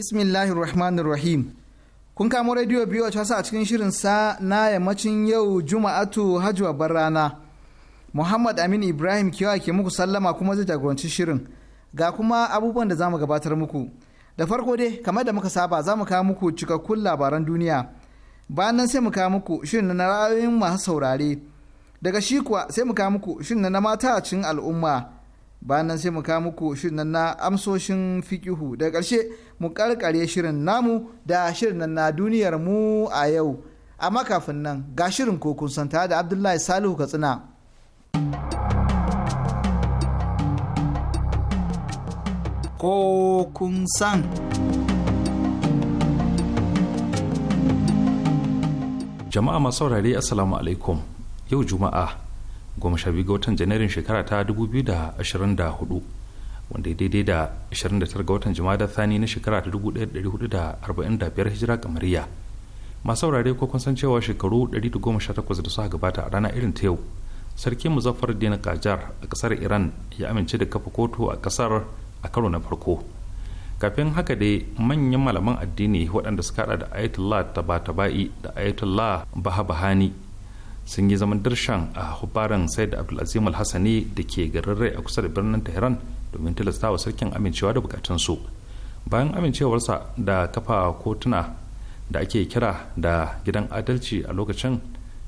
bismillahir rahmanir kun kamo rediyo biyu a a cikin shirin sa na yammacin yau juma'atu hajji bar rana muhammad amin ibrahim kewa ke muku sallama kuma zai jagoranci shirin ga kuma abubuwan da zamu gabatar muku da farko dai kamar da muka saba za mu kawo muku cikakkun labaran duniya bayan nan sai mu kawo muku shirin na ra'ayoyin masu saurare daga shi kuwa sai mu kawo muku shirin na mata a cikin al'umma bayan sai mu kawo muku shirin nan na amsoshin fikihu daga ƙarshe mu karkare shirin namu da shirin nan na duniyar mu a yau amma kafin nan ga shirin kun santa da abdullahi salihu katsina kokun san jama'a masu saurare assalamu alaikum yau juma'a goma sha biyu ga watan janairun shekara ta 2024 wanda ya daidai da 29 ga watan da thani na shekara ta 1445 hijira kamariya masu saurare ko kun san cewa shekaru 118 da suka gabata a rana irin ta yau sarki muzaffar dina kajar a kasar iran ya amince da kafa kotu a kasar a karo na farko kafin haka dai manyan malaman addini waɗanda suka haɗa da ayatollah tabatabai da ayatollah bahabahani sun yi zaman dirshan a hubaran said abdulazim alhassani da ke garin rai a kusa da birnin tehran domin tilasta wa sarkin amincewa da bukatunsu bayan amincewarsa da kafa kotuna da ake kira da gidan adalci a lokacin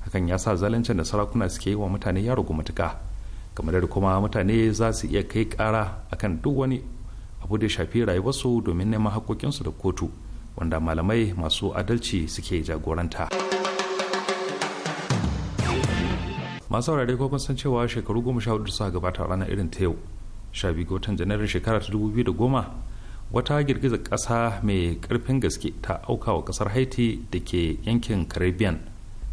hakan ya sa zalancin da sarakuna suke yi wa mutane ya rugu matuka kamar da kuma mutane za su iya kai kara akan duk wani abu da shafi rayuwarsu domin neman haƙoƙinsu da kotu wanda malamai masu adalci suke jagoranta. masu saurare ko kun san cewa shekaru goma sha hudu suka gabata ranar irin ta yau sha biyu ga watan janairun shekara ta dubu biyu da goma wata girgiza ƙasa mai ƙarfin gaske ta auka wa ƙasar haiti da ke yankin caribbean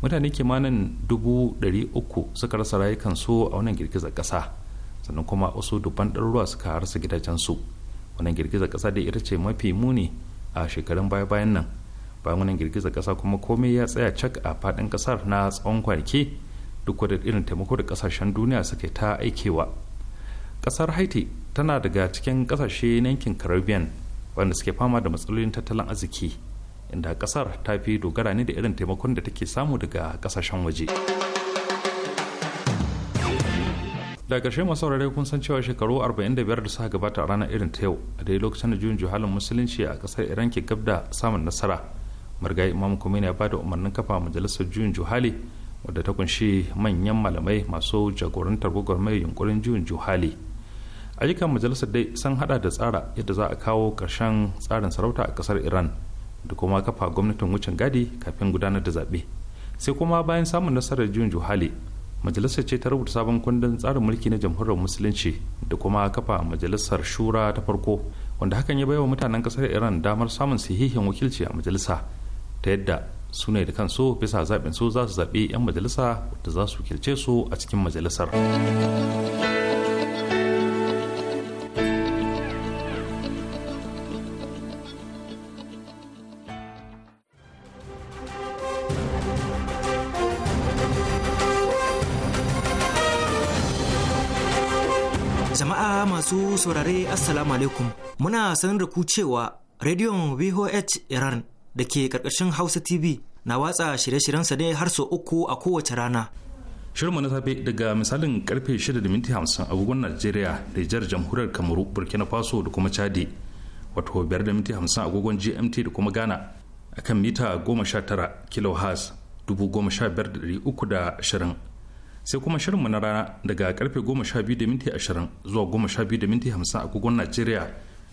mutane kimanin dubu ɗari uku suka rasa rayukansu a wannan girgizar ƙasa sannan kuma wasu dubban ɗaruruwa suka rasa gidajensu wannan girgizar ƙasa da ita ce mafi muni a shekarun baya-bayan nan bayan wannan girgizar ƙasa kuma komai ya tsaya cak a faɗin ƙasar na tsawon kwanaki duk wadda irin taimako da kasashen duniya suke ta aikewa kasar haiti tana daga cikin kasashe na yankin caribbean wanda suke fama da matsalolin tattalin arziki inda kasar ta fi dogara ne da irin taimakon da take samu daga kasashen waje da ƙarshe masu saurare kun san cewa shekaru 45 da suka gabata a ranar irin ta yau a dai lokacin da juyin juhalin musulunci a kasar iran ke gabda samun nasara margayi imam kumina ya ba da umarnin kafa majalisar juyin juhali wadda ta kunshi manyan malamai masu jagorantar gwagwarmai yunkurin juyin juhali ayyukan majalisar dai sun hada da tsara yadda za a kawo karshen tsarin sarauta a ƙasar iran da kuma kafa gwamnatin wucin gadi kafin gudanar da zaɓe sai kuma bayan samun nasarar juyin juhali majalisar ce ta rubuta sabon kundin tsarin mulki na jamhuriyar musulunci da kuma kafa majalisar shura ta farko wanda hakan ya baiwa mutanen kasar iran damar samun sahihin wakilci a majalisa ta yadda su ne da kansu bisa zaɓin su za su zaɓi 'yan majalisa da za su kirce su a cikin majalisar jama'a masu saurare assalamu alaikum muna sanar da ku cewa rediyon vhh iran da ke karkashin Hausa TV na watsa shirye-shiryensa ne har sau uku a kowace rana. Shirma na safe daga misalin karfe 6:50 agogon Najeriya da jihar jamhuriyar Kamaru, Burkina Faso da kuma Chadi, wato 5:50 agogon GMT da kuma Ghana akan mita 19 kHz 15320. Sai kuma shirinmu na rana daga karfe 12:20 zuwa 12:50 agogon Najeriya,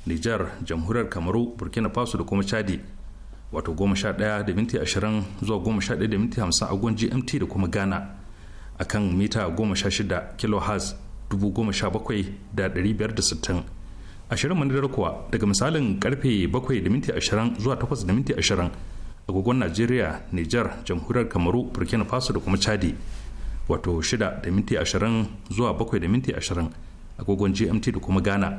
Nijar, jamhuriyar Kamaru, Burkina Faso da kuma Chadi. wato 11:20 zuwa 11:50 agon gmt da kuma ghana a kan mita 16 kilohertz 17,560 ashirin manadar kuwa daga misalin karfe 7:20 zuwa 8:20 agogon najeriya niger jamhuriyar kamaru burkina faso da kuma chadi wato shida da minti ashirin zuwa bakwai da minti ashirin agogon gmt da kuma ghana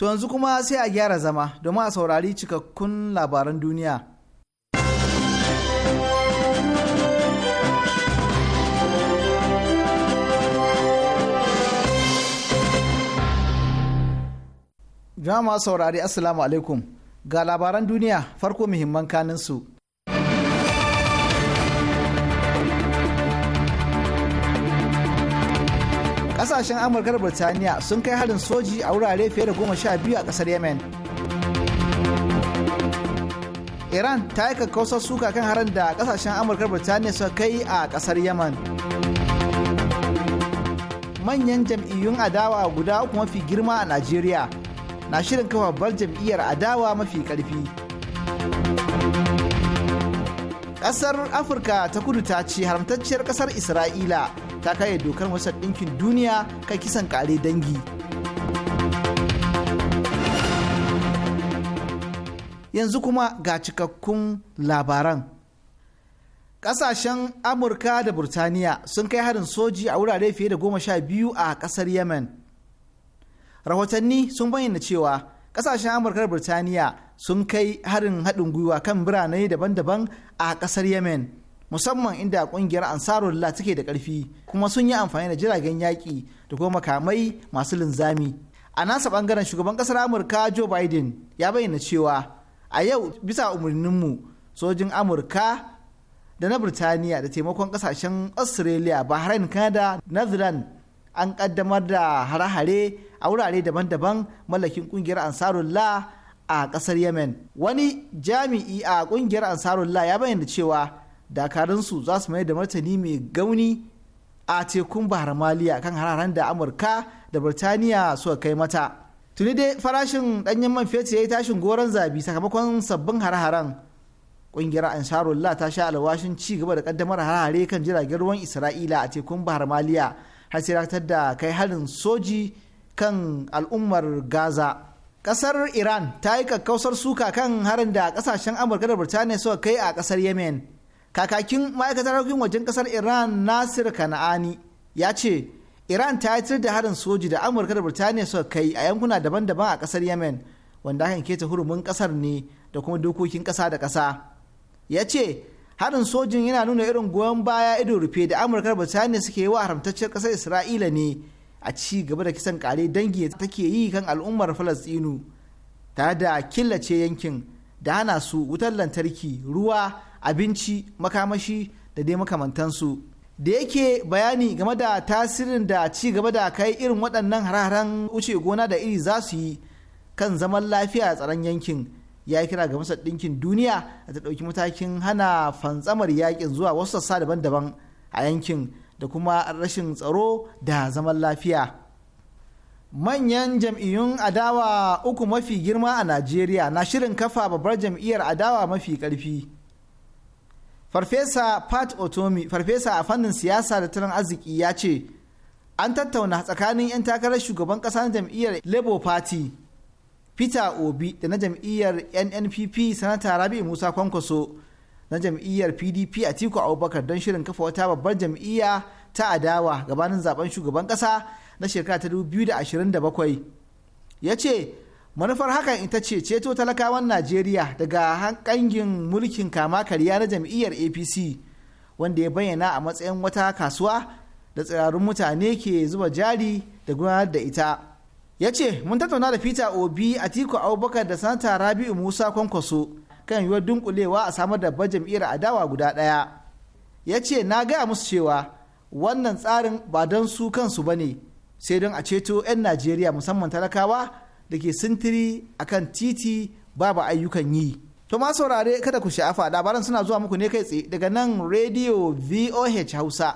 To yanzu kuma sai a gyara zama domin a saurari cikakkun labaran duniya. Jama'a saurari Assalamu alaikum ga labaran duniya farko muhimman su. kasashen amurka da birtaniya sun kai harin soji a wurare fiye da goma sha biyu a kasar yemen iran ta yi kakkausar suka kan harin da kasashen amurka da birtaniya suka kai a kasar yemen manyan jam'iyyun adawa guda uku mafi girma a najeriya na shirin kafa babbar jam'iyyar adawa mafi karfi ƙasar afirka ta kudu ta ce haramtacciyar ƙasar isra'ila ta kare dokar masar ɗinkin duniya kan kisan kare dangi yanzu kuma ga cikakkun labaran ƙasashen amurka da burtaniya sun kai harin soji a wurare fiye da goma sha biyu a ƙasar yemen rahotanni sun bayyana cewa ƙasashen amurka da burtaniya sun kai harin haɗin gwiwa kan birane daban-daban a ƙasar yemen musamman inda kungiyar ansarullah take da karfi kuma sun yi amfani da jiragen yaƙi da kuma makamai masu linzami a nasa bangaren shugaban kasar amurka joe biden ya bayyana cewa a yau bisa umarninmu sojin amurka da na birtaniya da taimakon kasashen australia bahrain canada netherlands an kaddamar da hare-hare a wurare daban-daban mallakin kungiyar ansarullah a kasar yemen wani jami'i a kungiyar ansarullah ya bayyana cewa dakaransu za su mai da martani mai gauni a tekun bahar maliya kan hararen da amurka da birtaniya suka kai mata tuni dai farashin danyen man fetur ya yi tashin goron zabi sakamakon sabbin hare-haren kungiyar ansarullah ta sha alwashin ci gaba da kaddamar hare kan jiragen ruwan isra'ila a tekun bahar maliya har sai da kai harin soji kan al'ummar gaza kasar iran ta yi kakkausar suka kan harin da kasashen amurka da birtaniya suka kai a kasar yemen kakakin ma'aikatar harkokin wajen kasar iran nasir kana'ani ya ce iran ta yi da harin soji da amurka da birtaniya suka kai a yankuna daban-daban a kasar yemen wanda hakan keta hurumin kasar ne da kuma dokokin kasa da kasa ya ce harin sojin yana nuna irin goyon baya ido rufe da amurka da birtaniya suke yi wa haramtacciyar kasar isra'ila ne a ci gaba da kisan kare dangi take yi kan al'ummar falastinu tare da killace yankin da hana su wutar lantarki ruwa abinci makamashi da dai makamantansu da yake bayani game da tasirin da ci gaba da kai irin waɗannan hararen wuce gona da iri za su yi kan zaman lafiya a tsaron yankin ya kira ga masar ɗinkin duniya da ta ɗauki matakin hana fantsamar yakin zuwa wasu sassa daban-daban a yankin da kuma rashin tsaro da zaman lafiya manyan jam'iyyun adawa uku mafi girma a najeriya na shirin kafa babbar jam'iyyar adawa mafi karfi. farfesa pat otomi farfesa a fannin siyasa da tattalin arziki ya ce an tattauna tsakanin 'yan takarar shugaban kasa na jam'iyyar labour party peter obi da na jam'iyyar nnpp sanata rabi musa kwankwaso na jam'iyyar pdp a tiku abubakar don shirin kafa wata babbar jam'iyya ta adawa gabanin zaben shugaban kasa na shekara ta 2027 ya ce manufar hakan ita ce ceto talakawan najeriya daga hankangin mulkin kama karya na jam'iyyar apc wanda ya bayyana a matsayin wata kasuwa da tsirarun mutane ke zuba jari da gudanar da ita ya ce mun tattauna da peter obi atiku abubakar da sanata rabi'u musa kwankwaso kan yiwuwar dunkulewa a samar da jam'iyyar adawa guda ɗaya ya ce na gaya musu cewa wannan tsarin ba don su kansu ba ne sai don a ceto 'yan najeriya musamman talakawa da ke sintiri a kan titi babu ayyukan yi. To ma saurare kada ku sha'afa labaran suna zuwa muku ne kai tsaye daga nan Radio VOH Hausa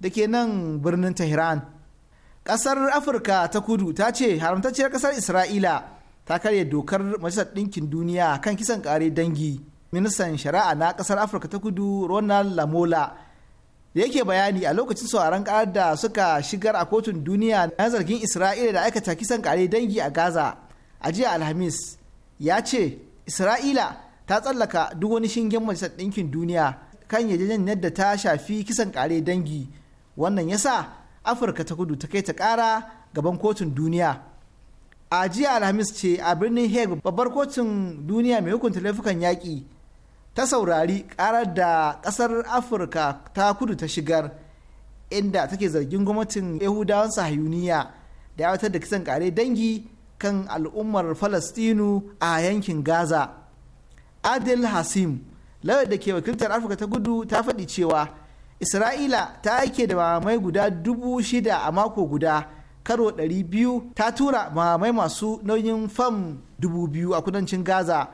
da ke nan birnin Tehran. Ƙasar Afirka ta kudu ta ce haramtacciyar ƙasar Isra'ila ta karya dokar Majalisar Ɗinkin Duniya kan kisan ƙare dangi. Ministan Shari'a na ƙasar Afirka ta kudu Ronald Lamola da yake bayani a lokacin sauraron karar da suka shigar a kotun duniya na zargin isra'ila da aikata kisan kare dangi a gaza a jiya alhamis ya ce isra'ila ta tsallaka duk wani shingen majalisar ɗinkin duniya kan yarjejeniyar da ta shafi kisan kare dangi wannan yasa afirka ta kudu ta kai ta kara gaban kotun duniya a jiya alhamis ce a birnin hague babbar kotun duniya mai hukunta laifukan yaƙi ta saurari karar da ƙasar afirka ta kudu ta shigar inda take zargin gwamnatin yahudawan sahuniya da yawatar da kisan ƙare dangi kan al'ummar falastinu a yankin gaza adil hasim lawyer da ke wakiltar afirka ta gudu ta faɗi cewa isra'ila ta aike da mamai guda dubu shida a mako guda karo ɗari biyu ta tura mamai masu nauyin fam dubu biyu a kudancin gaza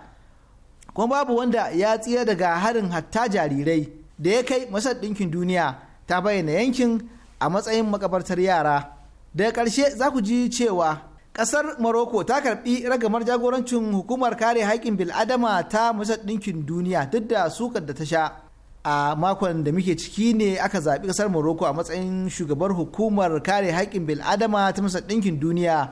kuma babu wanda ya tsira daga harin hatta jarirai da ya kai masar ɗinkin duniya ta bayyana yankin a matsayin makabartar yara daga ƙarshe za ku ji cewa ƙasar maroko ta karɓi ragamar jagorancin hukumar kare haƙƙin bil'adama ta masar ɗinkin duniya duk da sukar da ta sha a makon da muke ciki ne aka zaɓi ƙasar Morocco a matsayin shugabar hukumar kare haƙƙin bil'adama ta Masar Ɗinkin Duniya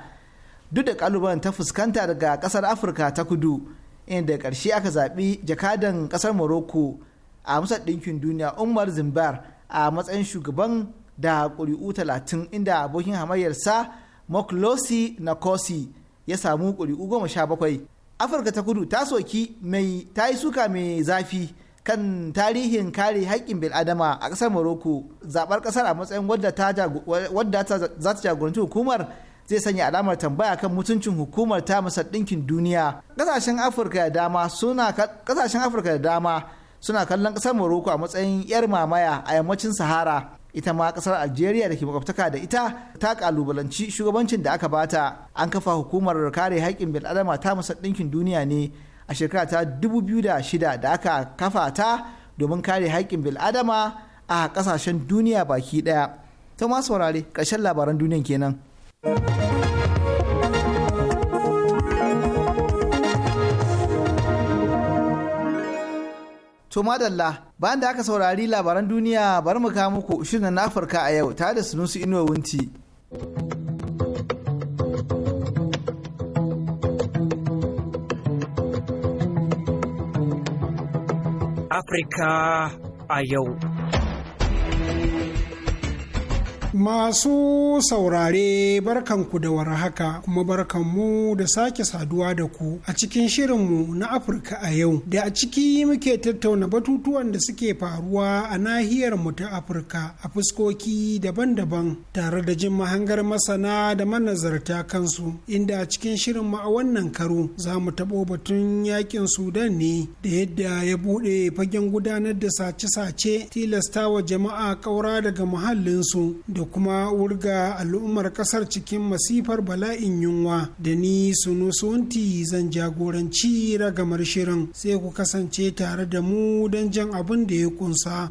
duk da ƙalubalen ta fuskanta daga ƙasar Afirka ta kudu inda ƙarshe aka zaɓi jakadan ƙasar morocco a musar ɗinkin duniya umar zimbar a matsayin shugaban da ƙuri'u talatin inda abokin hamayyarsa moklosi nakosi ya samu ƙuri'u goma sha bakwai afirka ta kudu ta soki mai ta yi suka mai zafi kan tarihin kare haƙƙin bil'adama a ƙasar morocco zaɓar ƙasar a matsayin wadda ta jagoranci hukumar zai sanya alamar tambaya kan mutuncin hukumar ta masar ɗinkin duniya ƙasashen afirka da dama suna kallon ƙasar morocco a matsayin yar mamaya a yammacin sahara ita ma ƙasar algeria da ke makwabtaka da ita ta ƙalubalanci shugabancin da aka bata an kafa hukumar kare haƙƙin bil'adama ta masar ɗinkin duniya ne a shekara ta biyu da shida da aka kafa ta domin kare haƙƙin bil'adama a ƙasashen duniya baki ɗaya. ta masu saurare ƙarshen labaran duniyan kenan. To madalla bayan da aka saurari labaran duniya bari mu kawo muku shirin na Afirka a yau tare da sunusu Inuwa Wunti. Afirka a yau. Masu saurare barkanku da warhaka kuma barkanmu da sake saduwa da ku a cikin shirinmu na Afirka a yau da a ciki muke tattauna batutuwan da suke faruwa a nahiyar mu ta Afirka a fuskoki daban-daban tare da jin mahangar masana da manazarta kansu inda a cikin shirinmu a wannan karo za mu taɓo batun yakin Sudan ne da yadda ya buɗe fagen gudanar da sace-sace tilastawa jama'a ƙaura daga muhallinsu da da kuma wurga al'ummar kasar cikin masifar bala'in yunwa da ni sunu sunti zan jagoranci ragamar shirin sai ku kasance tare da mu don jan abin da ya kunsa.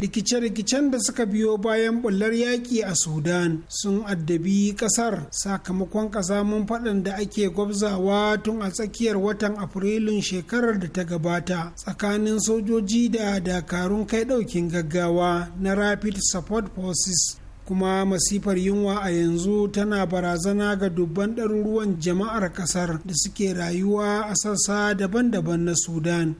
rikice-rikicen da suka biyo bayan bullar yaƙi a sudan sun addabi ƙasar sakamakon ƙazamin faɗan da ake gwabzawa tun a tsakiyar watan afrilun shekarar da ta gabata tsakanin sojoji da dakarun kai ɗaukin gaggawa na rapid support forces kuma masifar yunwa a yanzu tana barazana ga dubban ɗaruruwan jama'ar ƙasar da suke rayuwa a sassa daban-daban na sudan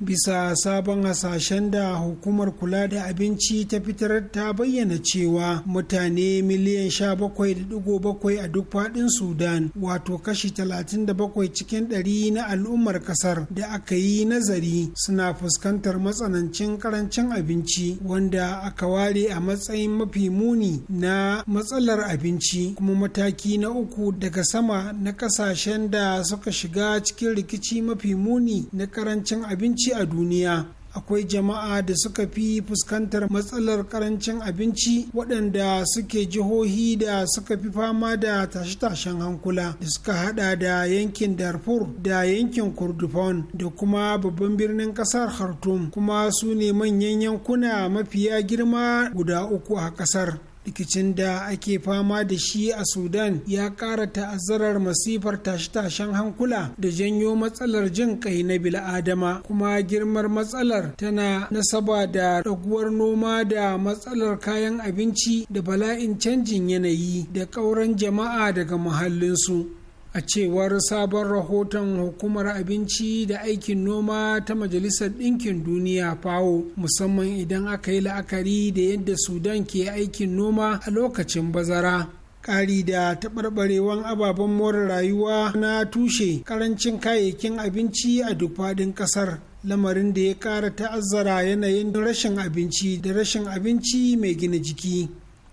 bisa sabon hasashen da hukumar kula da abinci ta fitar ta bayyana cewa mutane miliyan 17.7 a duk fadin sudan wato kashi 37 cikin 100 na al'ummar kasar da aka yi nazari suna fuskantar matsanancin karancin abinci wanda aka ware a matsayin mafi muni na matsalar abinci kuma mataki na uku daga sama na kasashen da suka shiga cikin rikici mafi muni na karancin abinci abinci a duniya akwai jama'a da suka fi fuskantar matsalar karancin abinci waɗanda suke jihohi da suka fi fama da tashe-tashen hankula da suka hada da yankin darfur da yankin kurdufan da kuma babban birnin ƙasar khartoum kuma su ne manyan yankuna mafiya girma guda uku a ƙasar rikicin da ake fama da shi a sudan ya ƙara ta'azzarar masifar tashe-tashen hankula da janyo matsalar jin kai na bil'adama kuma girmar matsalar tana nasaba da raguwar noma da matsalar kayan abinci da bala'in canjin yanayi da ƙauran jama'a daga muhallinsu a cewar sabon rahoton hukumar abinci da aikin noma ta majalisar ɗinkin duniya fawo musamman idan aka yi la'akari da yadda sudan ke aikin noma a lokacin bazara ƙari da taɓarɓarewan ababen more rayuwa na tushe ƙarancin kayayyakin abinci a duk faɗin ƙasar lamarin da ya ƙara ta'azzara yanayin rashin abinci da rashin abinci mai gina jiki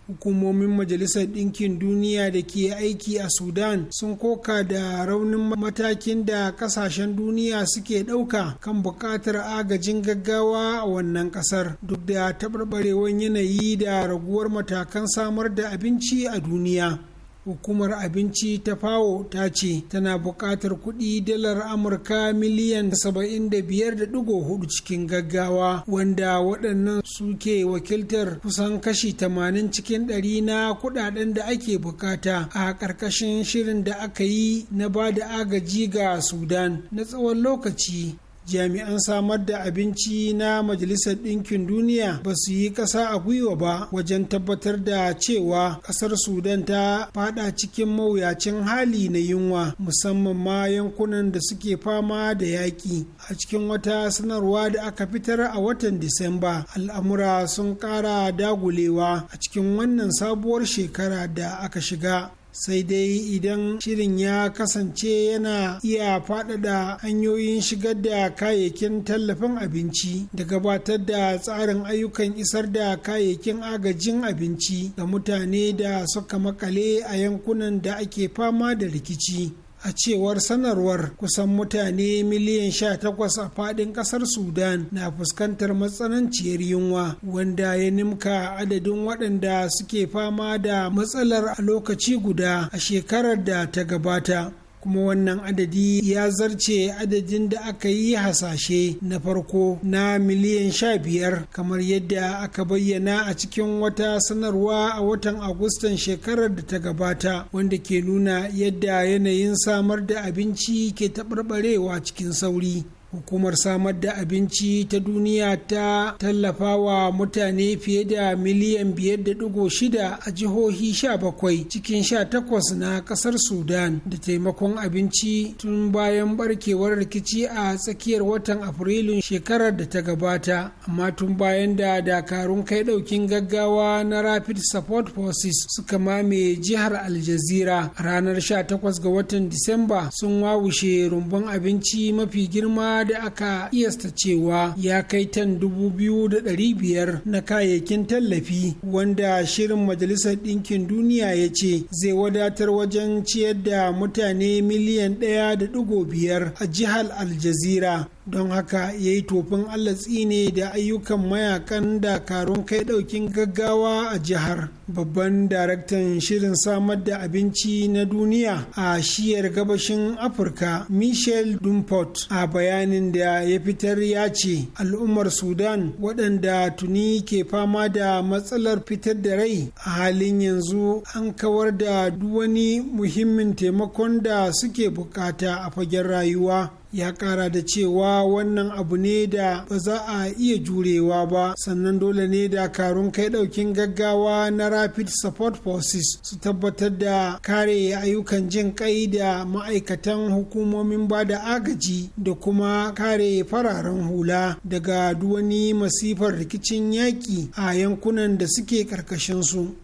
hukumomin majalisar ɗinkin duniya da ke aiki a sudan sun koka da raunin matakin da ƙasashen duniya suke ɗauka kan buƙatar agajin gaggawa a wannan ƙasar duk da taɓarɓarewar yanayi da raguwar matakan samar da abinci a duniya hukumar abinci ta fawo ta ce tana buƙatar kuɗi dalar amurka miliyan 75.4 cikin gaggawa wanda waɗannan suke wakiltar kusan kashi 80 cikin 100 na kuɗaɗen da ake bukata a ƙarƙashin shirin da aka yi na ba da agaji ga sudan na tsawon lokaci jami'an samar da abinci na majalisar ɗinkin duniya ba su yi ƙasa a gwiwa ba wajen tabbatar da cewa ƙasar sudan ta fada cikin mawuyacin hali na yunwa musamman ma yankunan da suke fama da yaƙi a cikin wata sanarwa da aka fitar a watan disamba al'amura sun ƙara dagulewa a cikin wannan sabuwar shekara da aka shiga sai dai idan shirin ya kasance yana iya faɗaɗa hanyoyin shigar da kayayyakin tallafin abinci da gabatar da tsarin ayyukan isar da kayayyakin agajin abinci ga mutane da suka makale a yankunan da ake fama da rikici a cewar sanarwar kusan mutane miliyan 18 a fadin kasar sudan na fuskantar matsananciyar yunwa wanda ya nimka adadin waɗanda suke fama da matsalar a lokaci guda a shekarar da ta gabata kuma wannan adadi ya zarce adadin da aka yi hasashe na farko na miliyan sha biyar kamar yadda aka bayyana a cikin wata sanarwa a watan agustan shekarar da ta gabata wanda ke nuna yadda yanayin samar da abinci ke taɓarɓarewa cikin sauri hukumar samar da abinci ta duniya ta tallafa wa mutane fiye da miliyan 5.6 a jihohi 17 cikin 18 na kasar sudan da taimakon abinci tun bayan barkewar rikici a tsakiyar watan afrilun shekarar da ta gabata amma tun bayan da dakarun kai daukin gaggawa na rapid support forces suka mame jihar aljazira ranar 18 ga watan disamba sun wawushe rumbun abinci mafi girma kuma aka iyasta cewa ya kai tan dubu biyu da ɗari biyar na kayayyakin tallafi wanda shirin majalisar ɗinkin duniya ya ce zai wadatar wajen ciyar da mutane miliyan ɗaya da ɗigo biyar a jihar aljazira don haka ya yi tofin Allah tsine da ayyukan mayakan dakarun kai daukin gaggawa a jihar babban daraktan shirin samar da abinci na duniya a shiyar gabashin afirka michel dumport a bayanin da ya fitar ya ce al'ummar sudan waɗanda tuni ke fama da matsalar fitar da rai a halin yanzu an kawar da duwani muhimmin taimakon da suke bukata a fagen rayuwa ya kara da cewa wannan abu ne da ba za a iya jurewa ba sannan dole ne da karun kai daukin gaggawa na rapid support forces su tabbatar da kare ayyukan jin kai da ma'aikatan hukumomin ba da agaji da kuma kare fararen hula daga duwani masifar rikicin yaƙi a yankunan da suke ƙarƙashinsu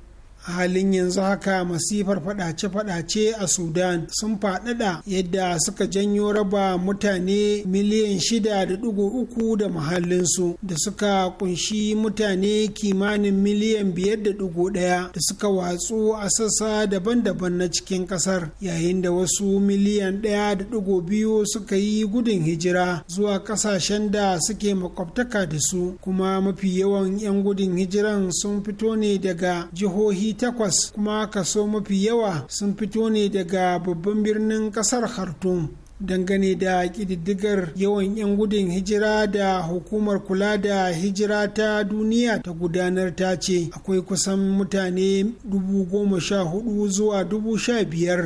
a halin yanzu haka masifar fadace-fadace a sudan sun faɗaɗa yadda suka janyo raba mutane miliyan shida da uku da mahallinsu da suka kunshi mutane kimanin miliyan biyar da ɗaya da suka watsu a sassa daban-daban na cikin ƙasar yayin da wasu miliyan ɗaya da ɗigo biyu suka yi gudun hijira zuwa ƙasashen da suke makwabtaka da su kuma mafi yawan 'yan gudun hijiran sun fito ne daga jihohi takwas kuma kaso mafi yawa sun fito ne daga babban birnin kasar khartoum dangane da ƙididdigar yawan 'yan gudun hijira da hukumar kula da hijira ta duniya ta gudanar ta ce akwai kusan mutane 14,000 zuwa dubu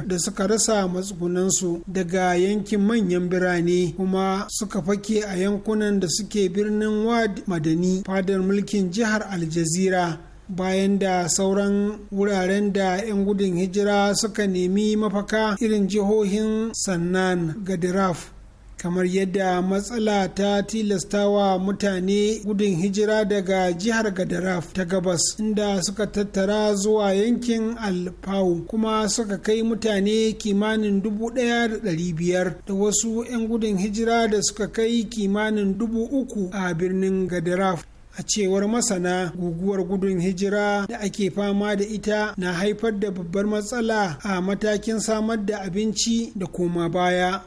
da suka rasa matsugunansu daga yankin manyan birane kuma suka fake a yankunan da suke birnin wad madani fadar mulkin jihar aljazira bayan da sauran wuraren da 'yan gudun hijira suka nemi mafaka irin jihohin sannan gadiraf kamar yadda matsala ta tilastawa mutane gudun hijira daga jihar gadaraf ta gabas inda suka tattara zuwa yankin alfau kuma suka kai mutane kimanin dubu ɗaya da ɗari biyar da wasu 'yan gudun hijira da suka kai kimanin dubu uku a birnin gadaraf a cewar masana guguwar gudun hijira da ake fama da ita na haifar da babbar matsala a matakin samar da abinci da koma baya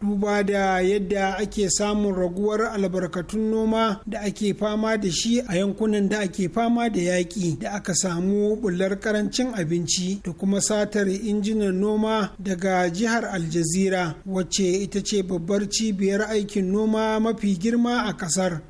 duba da yadda ake samun raguwar albarkatun noma da ake fama da shi a yankunan da ake fama da yaƙi da aka samu bullar karancin abinci da kuma satar injinan noma daga jihar aljazira wacce ita ce babbar cibiyar aikin noma mafi girma a ƙasar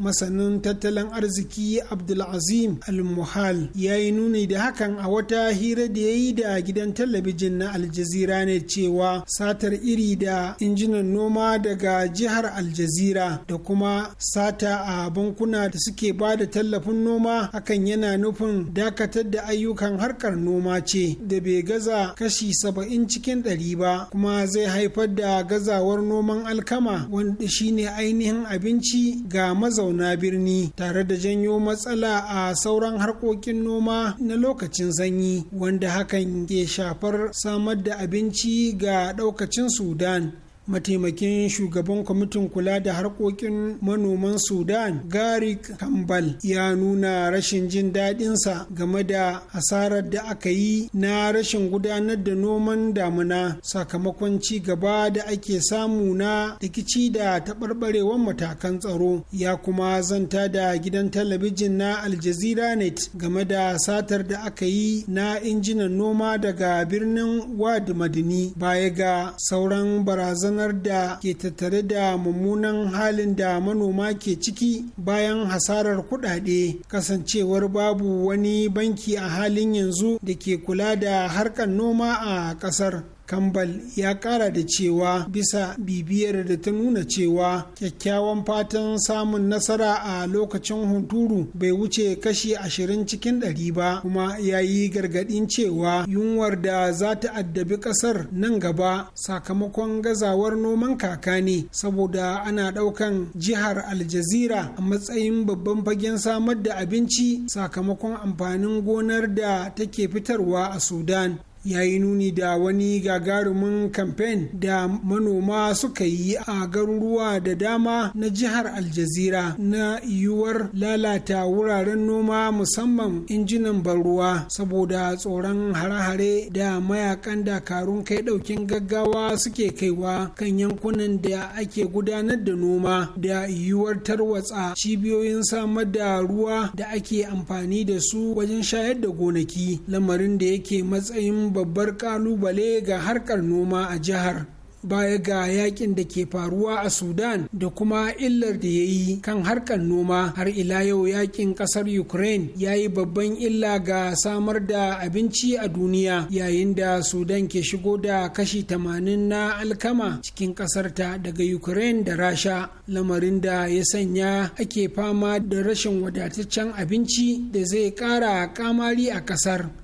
masanin tattalin arziki abdulazim al-muhal ya yi nuni da hakan a wata hira da ya yi da gidan talabijin na aljazira ne cewa satar iri da injinan noma daga jihar aljazira da kuma sata a bankuna da suke ba da tallafin noma hakan yana nufin dakatar da ayyukan harkar noma ce da bai gaza kashi saba'in cikin ɗari ba kuma zai haifar da gazawar noman alkama wanda shine ainihin abinci ga maza mazauna birni tare da janyo matsala a sauran harkokin noma na lokacin sanyi wanda hakan ke shafar samar da abinci ga ɗaukacin sudan mataimakin shugaban kwamitin kula da harkokin manoman sudan garik kambal ya nuna rashin jin daɗinsa game da asarar da aka yi na rashin gudanar da noman damuna sakamakon ci gaba da ake samu na rikici da taɓarɓarewar matakan tsaro ya kuma zanta da gidan talabijin na aljazeera net game da satar da aka yi na injinan noma daga birnin wad madini baya ga sauran barazan sanar da ke tattare da mummunan halin da manoma ke ciki bayan hasarar kuɗaɗe kasancewar babu wani banki a halin yanzu da ke kula da harkar noma a ƙasar kambal ya kara da cewa bisa bibiyar da ta nuna cewa kyakkyawan fatan samun nasara a lokacin hunturu bai wuce kashi ashirin cikin ɗari ba kuma ya yi gargaɗin cewa yunwar da za ta addabi ƙasar nan gaba sakamakon gazawar noman kaka ne saboda ana ɗaukan jihar aljazira a matsayin babban fagen samar da abinci sakamakon amfanin gonar da take fitarwa a sudan ya yi nuni da wani gagarumin kamfen da manoma suka yi a garuruwa da dama na jihar aljazira na yiwuwar lalata wuraren noma musamman injinan ban ruwa saboda tsoron hare-hare da mayakan dakarun kai daukin gaggawa suke kaiwa kan yankunan da ake gudanar da noma da yiwuwar tarwatsa cibiyoyin samar da ruwa da ake amfani da su wajen shayar da gonaki lamarin da yake matsayin babbar kalubale ga harkar noma a jihar baya ga yakin da ke faruwa a sudan da kuma illar da ya yi kan harkar noma har ila yau yakin kasar ukraine ya yi babban illa ga samar da abinci a duniya yayin da sudan ke shigo da kashi 80 na alkama cikin kasarta daga ukraine da rasha lamarin da ya sanya ake fama da rashin wadataccen abinci da zai kara kamari a kasar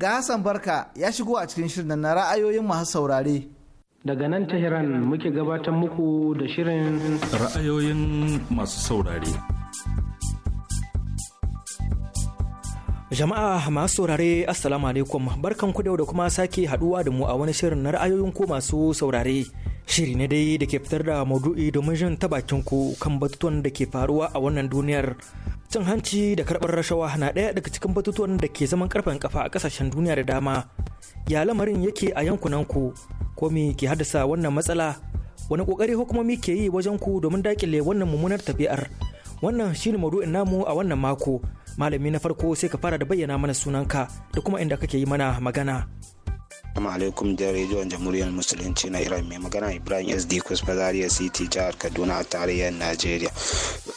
ga Hassan Barka ya shigo a cikin shirin na ra'ayoyin masu saurare. Daga nan Tehran muke gabatar muku da shirin ra'ayoyin masu saurare. Jama'a masu saurare Assalamu alaikum barkan ku da kuma sake haduwa da mu a wani shirin na ra'ayoyin ku masu saurare. Shiri ne dai da ke fitar da maudu'i domin jin ta bakin ku kan batutuwan da ke faruwa a wannan duniyar. cin hanci da karɓar rashawa na ɗaya daga cikin batutuwan da ke zaman ƙarfen kafa a ƙasashen duniya da dama ya lamarin yake a yankunan ku ko me ke haddasa wannan matsala wani ƙoƙari hukumomi ke yi wajen ku domin daƙile wannan mummunar tabi'ar wannan shine maudu'in namu a wannan mako malami na farko sai ka fara da bayyana mana sunanka da kuma inda kake yi mana magana Assalamu alaikum da rediyon jamhuriyar musulunci na Iran mai magana Ibrahim SD kus Zaria City jihar Kaduna a tarayyar Najeriya.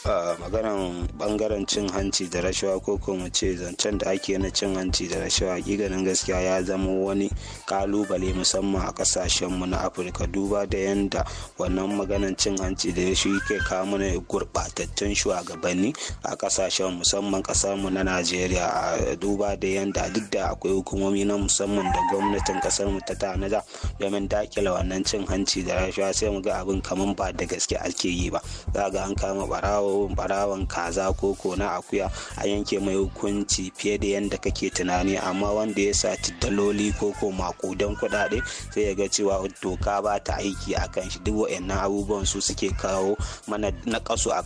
Ah, maganan bangaren cin hanci da rashawa ko kuma ce zancen da ake na cin hanci da rashawa ganin gaskiya ya zama wani kalubale musamman a kasashen mu na Afirka duba da yanda wannan maganan cin hanci da shi ke kawo mana shugabanni a kasashen musamman ƙasarmu na Najeriya ah, duba da yanda duk da akwai hukumomi na musamman da gwamnatin kasar mu ta tanada domin dakile wannan cin hanci da rashawa sai mu ga abin kamar ba da gaske ake yi ba za ga an kama barawo barawon kaza ko ko na akuya a yanke mai hukunci fiye da yadda kake tunani amma wanda ya saci daloli ko ko makudan kuɗaɗe sai ya ga cewa doka ba ta aiki a kan shi duk wa'annan abubuwan su suke kawo mana na kasu a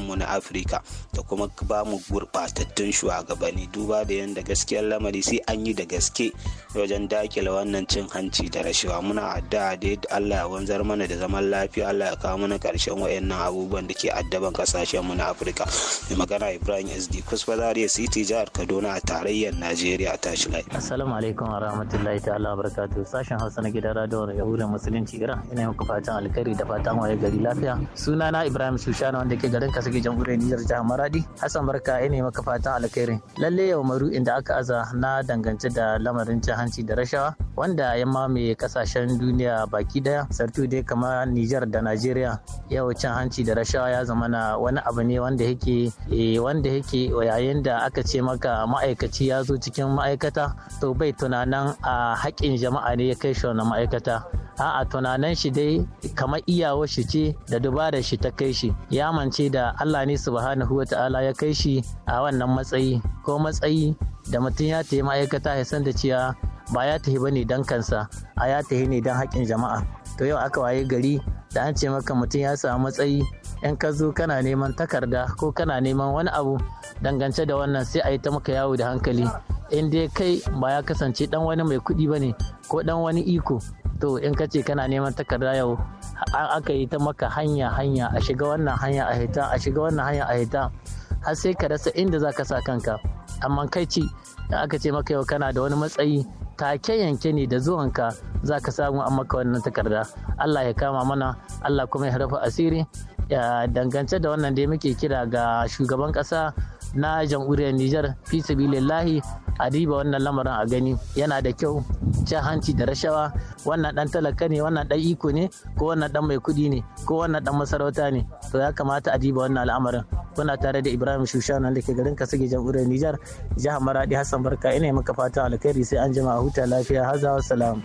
mu na afirka da kuma ba mu gurɓatattun shugabanni duba da yadda gaskiyar lamari sai an yi da gaske wajen dakile wannan cin hanci da rashawa muna addu'a da Allah ya wanzar mana da zaman lafiya Allah ya kawo mana karshen wayannan abubuwan da ke addaban kasashen mu na Afirka mai magana Ibrahim SD Zariya Zaria City jihar Kaduna a tarayyar Najeriya ta shiga Assalamu alaikum wa rahmatullahi ta'ala barakatuh sashen Hausa na gidan radio da Yahuda Musulunci Iran ina muku fatan alkhairi da fatan waye gari lafiya sunana Ibrahim Sushana wanda ke garin Kasige jamhuriyar Nijar jihar Maradi Hassan Barka ina maka fatan alkhairi lalle yau maru da aka aza na danganci da lamarin cin hanci da rashawa wanda ya mamaye kasashen duniya baki daya sartu dai kamar Nijar da Najeriya yau cin hanci da rashawa ya zama na wani abu ne wanda yake eh, wanda yake yayin da aka ce maka ma'aikaci ya zo cikin ma'aikata to bai tunanin a haƙƙin jama'a ne ya kai shi wannan ma'aikata a'a tunanin shi dai kamar iyawo shi ce da dubarar shi ta kai shi ya mance da Allah ne subhanahu wa ta'ala ya kai shi a wannan matsayi ko matsayi da mutum ya tayi ma'aikata ya san da cewa ba ya tahi ne dan kansa a ya tahi ne dan haƙin jama'a to yau aka waye gari da an ce maka mutum ya samu matsayi in ka zo kana neman takarda ko kana neman wani abu dangance da wannan sai a yi ta maka yawo da hankali in dai kai ba ya kasance dan wani mai kuɗi ba ne ko dan wani iko to in ka ce kana neman takarda yau aka yi ta maka hanya hanya a shiga wannan hanya a hita a shiga wannan hanya a hita har sai ka rasa inda za ka sa kanka amma kai ci aka ce maka yau kana da wani matsayi take yanke ne da zuwanka za ka samu an maka wannan takarda allah ya kama mana allah kuma ya harafa asiri dangance da wannan da muke kira ga shugaban ƙasa na jamhuriyar Nijar fi sabilillahi a riba wannan lamarin a gani yana da kyau cin hanci da rashawa wannan dan talaka ne wannan dan iko ne ko wannan dan mai kudi ne ko wannan dan masarauta ne to ya kamata a riba wannan al'amarin kuna tare da Ibrahim Shushana da ke garin ka Kasige jamhuriyar Nijar jihar Maradi Hassan Barka ina maka fatan alkhairi sai an jima huta lafiya haza wa salam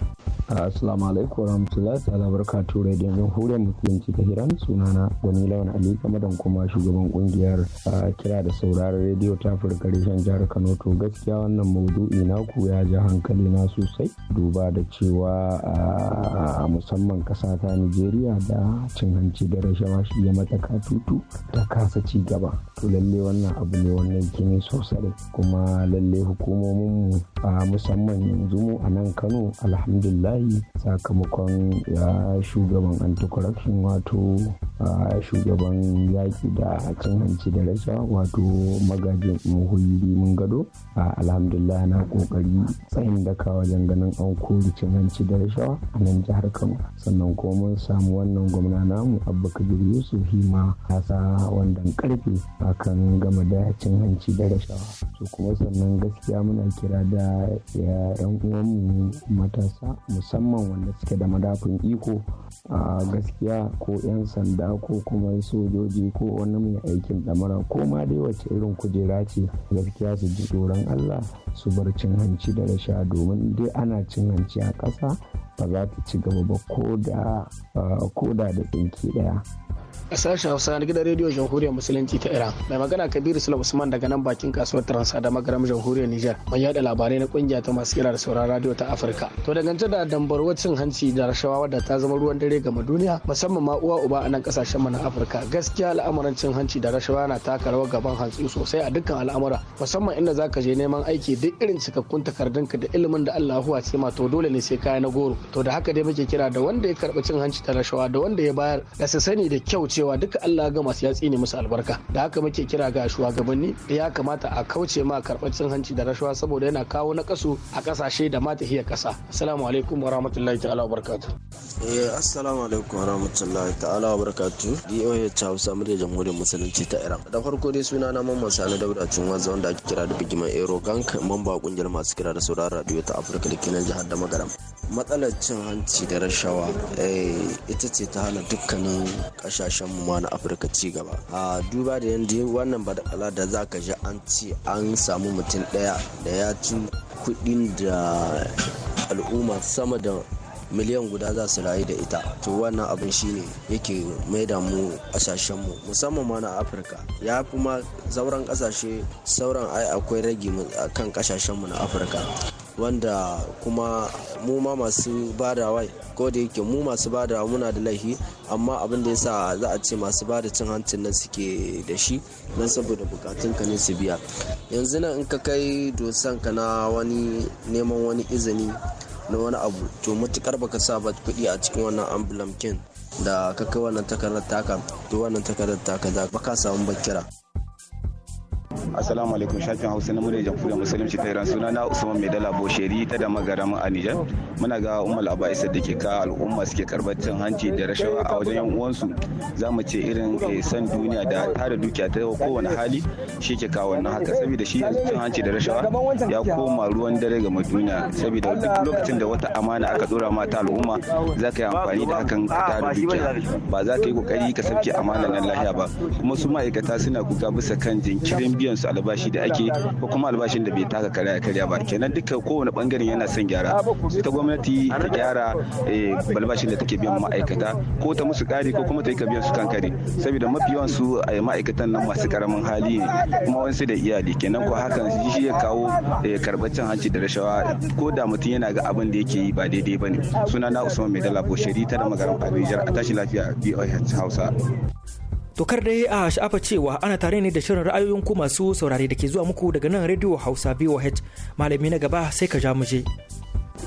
Assalamu alaikum warahmatullahi ta'ala barakatu radiyon jamhuriyar musulunci ta Hiran sunana Gani Lawan Ali Kamadan kuma shugaban kungiyar kira da saurara jihar rediyo ta afirka reshen jihar kano to gaskiya wannan maudu'i ku ya ji hankali na sosai duba da cewa a ah, musamman kasa ta nigeria da cin hanci da rashawa shi ya mata tutu ta kasa ci gaba to lalle wannan abu ne wannan gini sosai kuma lalle hukumomin mu a ah, musamman yanzu mu a nan kano alhamdulahi sakamakon ah, shugaban anti-corruption wato shugaban yaƙi da cin hanci da rashawa wato magajin muhulli mun gado a alhamdulillah na kokari tsayin daka wajen ganin an kori cin hanci da rashawa a nan jihar kano sannan kuma mun samu wannan gwamna namu abba kabir yusuf hima ya sa wannan karfe a kan gama da cin hanci da rashawa to kuma sannan gaskiya muna kira da uwan uwanmu matasa musamman wanda suke da madafin iko a gaskiya ko yan sanda ko kuma sojoji ko wani mai aikin damara ko ma dai wace irin kujera ce gaskiya su ji tsoron Allah su bar cin hanci da rasha domin dai ana cin hanci a ƙasa ba za ta ci gaba ba ko da ah, da tsinki ɗaya. a sashen hausa na gidan rediyo jamhuriyar musulunci ta iran mai magana kabiru sula usman daga nan bakin kasuwar taransa da magaram jamhuriyar niger mai yada labarai na kungiya ta masu kira da sauran radio ta afirka to da dangance da dambarwacin cin hanci da rashawa wadda ta zama ruwan dare gama duniya musamman ma uwa uba a nan kasashen mu na afirka gaskiya al'amuran cin hanci da rashawa na taka rawar gaban hantsi sosai a dukkan al'amura musamman inda zaka je neman aiki duk irin cikakkun takardun ka da ilimin da Allah huwa ce ma to dole ne sai kaya na goro to da haka dai muke kira da wanda ya karbi cin hanci da rashawa da wanda ya bayar da su sani da kyau cewa cewa duka Allah ga masu yatsi ne musu albarka da haka muke kira ga shugabanni da ya kamata a kauce ma karɓar cin hanci da rashawa saboda yana kawo nakasu a kasashe da mata tahiyar ƙasa assalamu alaikum wa rahmatullahi ta'ala wa barakatu. eh assalamu alaikum wa rahmatullahi ta'ala wa barakatuh DOA Hausa murya jamhuriyar musulunci ta Iran da farko dai suna na Mamman Sani Dauda Cinwaza wanda ake kira da bigiman Aerogang mamba kungiyar masu kira da sauraron radio ta Afirka da kinan jihar da Magaram matsalar cin hanci da rashawa eh, ita ce ta hana dukkanin kasashen mu ma na afirka ci gaba a duba da yadda wannan badakala da za ka ji an ci an samu mutum daya da ya ci kudin da al'umma sama da miliyan guda za su rayu da ita to wannan abin shine yake maida mu mu musamman ma na afirka ya fi ma sauran kasashe sauran ai akwai ragi kan kasashenmu na afirka wanda kuma mu ma masu badawa ko da yake mu masu badawa muna da laifi amma abin da yasa za a ce masu bada cin hancin nan suke da shi don saboda bukatun ka ne su biya yanzu nan in ka kai dosan ka na wani neman wani izini na wani abu to matukar baka sa ba kuɗi a cikin wannan ambulamkin da ka kai wannan takardar taka to wannan takardar taka za ka samu bakira Assalamu alaikum shafin Hausa na murya jamhuriyar musulunci ta Iran suna na Usman mai dala Bosheri ta da magaram a Nijar. Muna ga Umar Abaisa da ke ka al'umma suke karbar cin hanci da rashawa a wajen yan uwansu. Za mu ce irin eh, san duniya da tara dukiya ta kowane hali shi ke kawo wannan haka saboda shi cin hanci da rashawa ya koma ruwan dare ga duniya saboda duk lokacin da wata amana aka dora ta al'umma za ka yi amfani da hakan ka tara dukiya ba za ka yi kokari ka sauke amana nan lahiya ba kuma su ma'aikata suna kuka bisa kan jinkirin biyan su albashi da ake ko kuma albashin da bai taka karya karya ba kenan duka kowane bangaren yana son gyara ta gwamnati ta gyara eh, albashin da take biyan ma'aikata ko ta musu kari ko kuma ta yi ka biyan su kan kare saboda mafi yawan su a eh, ma'aikatan nan masu karamin hali ne kuma wani da iyali kenan ko hakan shi ya kawo eh, karɓar hanci da rashawa ko da mutum yana ga abin da yake yi ba daidai ba ne suna na usman mai dala bosheri ta da magaran a tashi lafiya boh hausa To kar dai a sha'afa cewa ana tare ne da shirin ra'ayoyin ku masu saurare da ke zuwa muku daga nan Radio Hausa BOH. Malami na gaba sai ka ja mu je.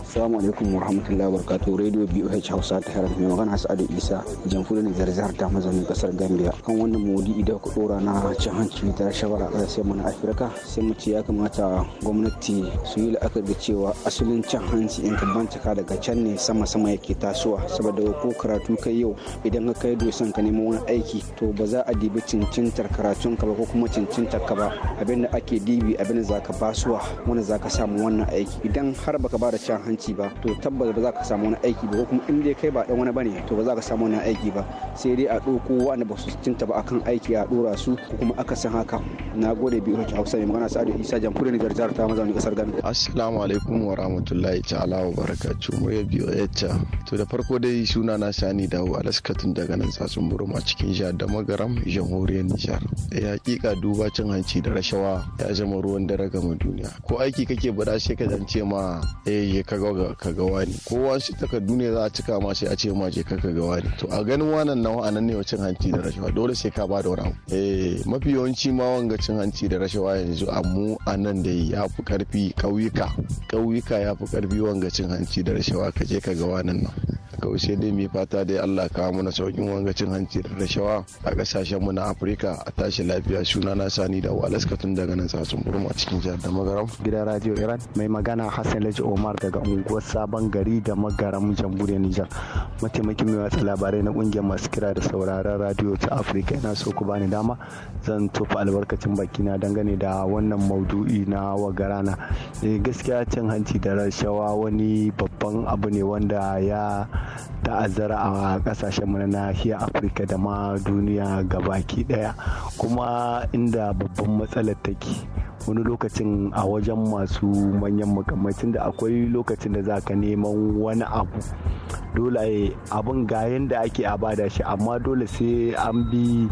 Assalamu alaikum wa rahmatullahi wa barakatuh. Radio BOH Hausa ta Heran mai magana Sa'adu Isa jamfuri ne zarzar ta mazaunin kasar Gambia. Kan wannan modi da ku dora na cin hanci ta shawara a sai mana Afirka sai mu ce ya kamata gwamnati su yi la'akari da cewa asalin cin hanci in ka bancaka daga can ne sama sama yake tasowa saboda ko karatu kai yau idan ka kai dosan ka neman wani aiki to ba za a dibi cincintar karatun ka ba ko kuma cincintar ka ba abinda ake dibi abinda zaka basuwa wanda zaka samu wannan aiki idan har baka ba da cin hanci aiki ba to tabbas ba za ka samu wani aiki ba ko kuma in dai kai ba dan wani bane to ba za ka samu wani aiki ba sai dai a ɗauko wanda ba su cinta ba akan aiki a ɗora su ko kuma aka san haka na gode biyu hausa mai magana sa'adu isa jamhuriyar ne garjar ta mazauni kasar gano assalamu alaikum wa rahmatullahi ta'ala wa barakatu murya biyu yacca to da farko dai suna na sani dawo tun daga nan tsatsun burma cikin jihar da magaram jamhuriyar nijar ya eh, hakika duba cin hanci da rashawa ya zama ruwan dare ga duniya ko aiki kake bada sai ka zance ma eh kaga ga ka ga wani shi takardu ne za a cika ma sai a ce ma je ka ga wani to a ganin wannan nawa anan ne wacin hanci da rashawa dole sai ka ba da wani abu eh mafi yawanci ma wanga cin hanci da rashawa yanzu amma a nan da ya fi karfi ƙauyuka ƙauyuka ya fi karfi wanga cin hanci da rashawa ka je ka ga wannan nan kawai sai dai mai fata dai Allah kawo mana saukin wangacin hanci da rashawa a kasashen mu na Afirka a tashi lafiya suna na sani da walaska tun daga nan sasun burma cikin jihar da magaram. Gidan Radio Iran mai magana Hassan Laji Omar daga unguwar Sabon Gari da Magaram Jamhuriyar Nijar. Mataimakin mai watsa labarai na kungiyar masu kira da sauraron radio ta Afirka yana so ku bani dama zan tofa albarkacin baki na dangane da wannan maudu'i na wagarana. Eh, gaskiya cin hanci da rashawa wani babban abu ne wanda ya ta'azzara a kasashen mu na nahiyar afirka da ma duniya gabaki daya kuma inda babban matsalar take wani lokacin a wajen masu manyan makamacin da akwai lokacin da za ka neman wani abu dole abin ga da ake a bada shi amma dole sai an bi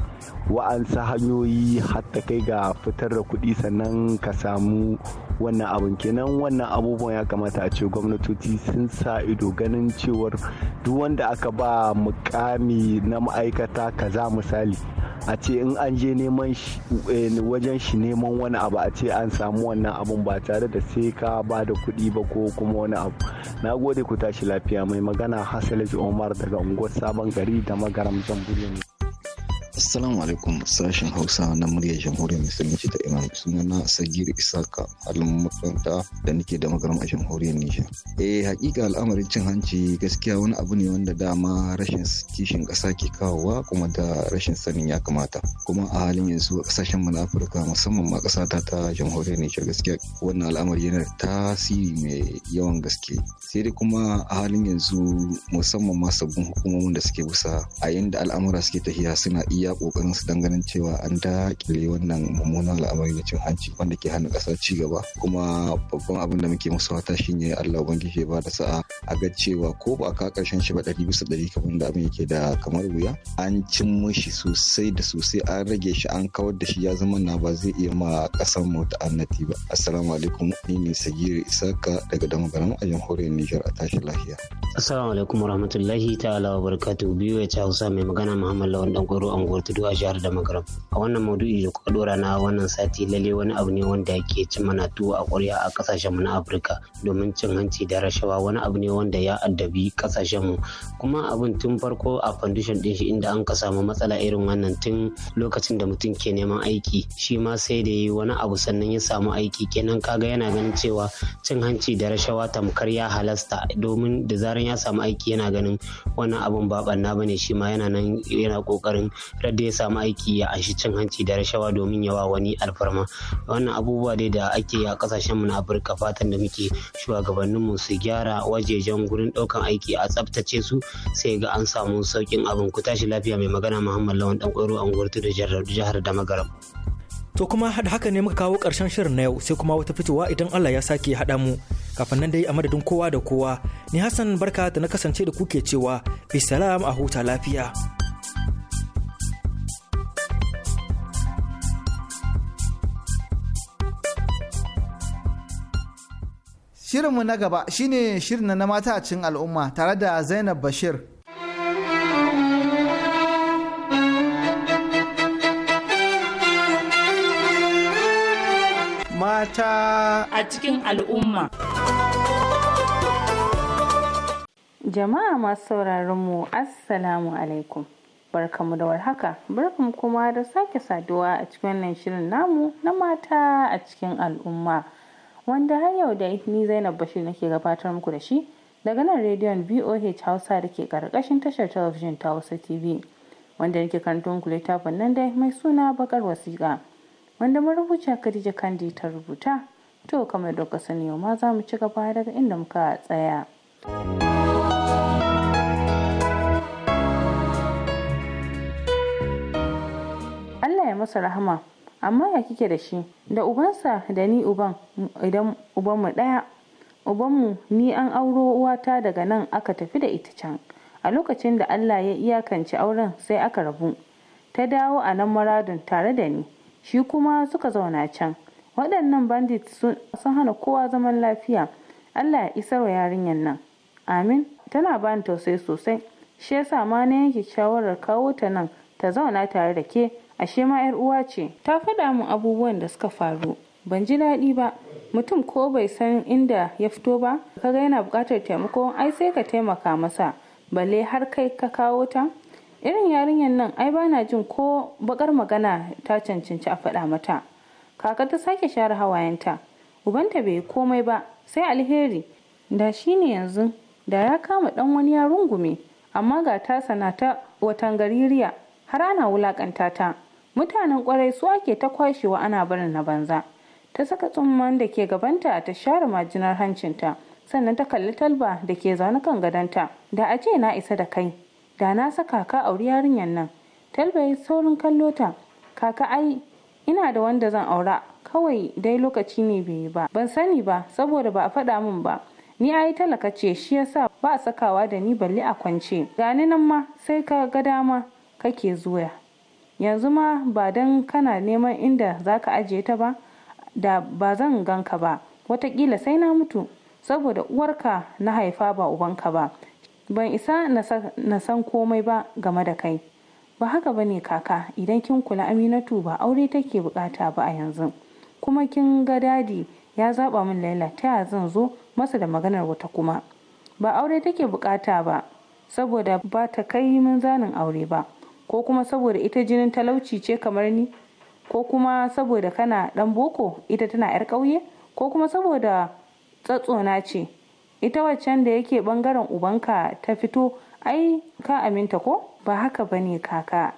wa'ansa hanyoyi hatta kai ga fitar da kuɗi sannan ka samu wannan abun kenan wannan abubuwan ya kamata a ce gwamnatoci sun sa ido ganin cewar duk wanda aka ba mukami na ma'aikata kaza misali a ce in an je neman eh, wajen shi neman wani abu a ce an samu wannan abun ba tare da sai ka ba da kuɗi ba ko kuma wani abu na gode ku tashi lafiya mai magana hasalaji omar daga unguwar sabon gari da magaram jamhuriyar Assalamu alaikum sashen Hausa na muryar jamhuriyar musulunci ta Iran sunana Sagir Isaka halin makaranta da nake da magaram a jamhuriyar Nijar. Eh hakika al'amarin cin hanci gaskiya wani abu ne wanda dama rashin kishin kasa ke kawowa kuma da rashin sanin ya kamata. Kuma a halin yanzu a kasashen mu na Afirka musamman ma kasa ta ta jamhuriyar Nijar gaskiya wannan al'amari yana tasiri mai yawan gaske. Sai dai kuma a halin yanzu musamman ma sabbin hukumomin da suke busa a yanda al'amura suke tafiya suna iya iya kokarin su ganin cewa an dakile wannan mummunan al'amari na cin hanci wanda ke hana kasar ci gaba kuma babban abin da muke musu fata shine Allah ubangiji ba da sa'a a ga cewa ko ba ka karshen shi ba ɗari bisa kamar da abin yake da kamar wuya an cin mushi sosai da sosai an rage shi an kawar da shi ya zama na ba zai iya ma kasar mu ta annati ba assalamu alaikum ni ne sagiri isaka daga damagaram a jamhuriyar Nijar a tashi lafiya assalamu alaikum warahmatullahi ta'ala wa barakatuhu biyu ya ci hausa mai magana Muhammad Lawan goro an unguwar tudu a jihar da magaram a wannan maudu'i da kuka dora na wannan sati lalle wani abu ne wanda ke cin mana tuwo a ƙwarya a mu na afirka domin cin hanci da rashawa wani abu ne wanda ya addabi mu kuma abin tun farko a foundation din shi inda an ka samu matsala irin wannan tun lokacin da mutum ke neman aiki shi ma sai da yi wani abu sannan ya samu aiki kenan kaga yana ganin cewa cin hanci da rashawa tamkar ya halasta domin da zaran ya samu aiki yana ganin wannan abun ba ba bane shi ma yana nan yana kokarin da ya samu aiki ya anshi cin hanci da rashawa domin yawa wani alfarma wannan abubuwa dai da ake a kasashen mu na afirka fatan da muke mu su gyara wajejen gurin daukan aiki a tsaftace su sai ga an samu saukin abin ku tashi lafiya mai magana muhammad lawan dan kwaro an gurtu da jihar da magaram To kuma hada haka ne muka kawo karshen shirin na yau sai kuma wata fitowa idan Allah ya sake hada mu. Kafin nan dai a madadin kowa da kowa, ni Hassan barka da na kasance da kuke cewa, bisalam a huta lafiya. Shirinmu na gaba shine shirin na mata a cikin al'umma tare da Zainab Bashir. Mata a cikin al'umma. Jama'a masu sauraronmu mu Assalamu alaikum. Barkamu da warhaka, barkamu kuma da sake saduwa a cikin wannan shirin namu na mata a cikin al'umma. wanda har yau da ni zainab bashir nake gabatar muku da shi daga nan rediyon voh hausa da ke karkashin tashar talabijin ta hausa tv wanda nake karanto muku littafin nan dai mai suna bakar wasiƙa wanda marubuciya khadija kandi ta rubuta to kamar da ka sani yau ma za mu ci gaba daga inda muka tsaya. Allah ya masa rahama amma ya kike da shi da ubansa da ni uban idan ubanmu ɗaya ubanmu ni an auro uwata daga nan aka tafi da ita can a lokacin da allah ya iyakance auren sai aka rabu ta dawo a nan maradun tare da ni shi kuma suka zauna can waɗannan bandit sun hana kowa zaman lafiya allah ya isar wa yarinyar nan amin tana bani tausayi sosai shi yasa ma na yanke shawarar kawo ta nan ta zauna tare da ke ashe ma yar uwa ce ta faɗa min abubuwan da suka faru ban ji daɗi ba mutum ko bai san inda ya fito ba kaga yana buƙatar taimako ai sai ka taimaka masa balle har kai ka kawo ta irin yarinyar nan ai bana jin ko bakar magana ta cancanci a faɗa mata kaka ta sake share hawayenta ubanta bai komai ba sai alheri da ne yanzu da ya kama dan wani yarungumi amma ga ta sana ta watan gaririya har ana wulakanta ta mutanen kwarai su ake ta kwashewa ana barin na banza ta saka tsumman da ke gabanta ta share majinar hancinta sannan ta kalli talba da ke zaune kan gadonta da a ce na isa da kai da na saka ka auri yarinyar nan talba ya saurin kallo ta kaka ai ina da wanda zan aura kawai dai lokaci ne bai yi ba ban sani ba saboda ba a faɗa min ba ni ayi talaka ce shi yasa ba a sakawa da ni balle a kwance gani nan ma sai ka ga dama kake zuwa yanzu ma ba don kana neman inda za ka ajiye ta ba da ba zan ganka ba watakila sai na mutu saboda uwarka na haifa ba ubanka ba ban isa na san komai ba game da kai ba haka ba ne kaka idan kin kula aminatu ba aure take bukata ba a yanzu kuma kin ga dadi ya zaba min laila ta ya zan zo masa da maganar wata kuma ba aure take bukata ba saboda ba ta kai min zanin aure ba ko kuma saboda ita jinin talauci ce kamar ni ko kuma saboda kana dan boko ita tana yar ƙauye ko kuma saboda na ce ita waccan da yake bangaren ubanka ta fito ai ka aminta ko ba haka bane kaka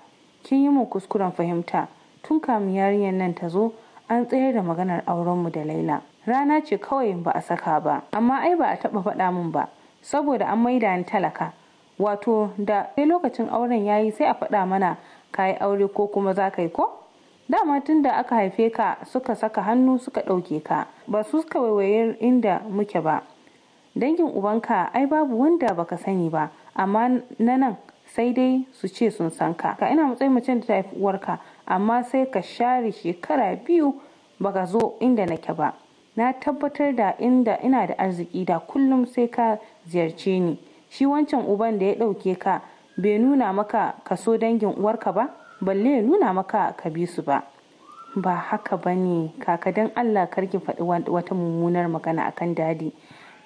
kin yi mu kuskuren fahimta tun kamin yarinyar nan ta zo an tsayar da maganar aurenmu da laila rana ce kawai ba a saka ba amma ai ba a taba faɗa min ba saboda an maida ni talaka wato da sai lokacin auren ya yi sai a faɗa mana ka yi aure ko kuma za ka yi ko dama tun da aka haife ka suka saka hannu suka ɗauke ka ba su suka waiwaye inda muke ba dangin ubanka ai babu wanda baka sani ba amma na nan sai dai su ce sun san ka ka ina matsayin mace da ta amma sai ka share shekara biyu baka zo inda nake ba na tabbatar da inda ina da arziki da kullum sai ka ziyarce ni shi wancan uban da ya ɗauke ka bai nuna maka kaso dangin uwarka ba balle ya nuna maka ka bi su ba ba haka ba ne kaka allah karki faɗi wata mummunar magana akan dadi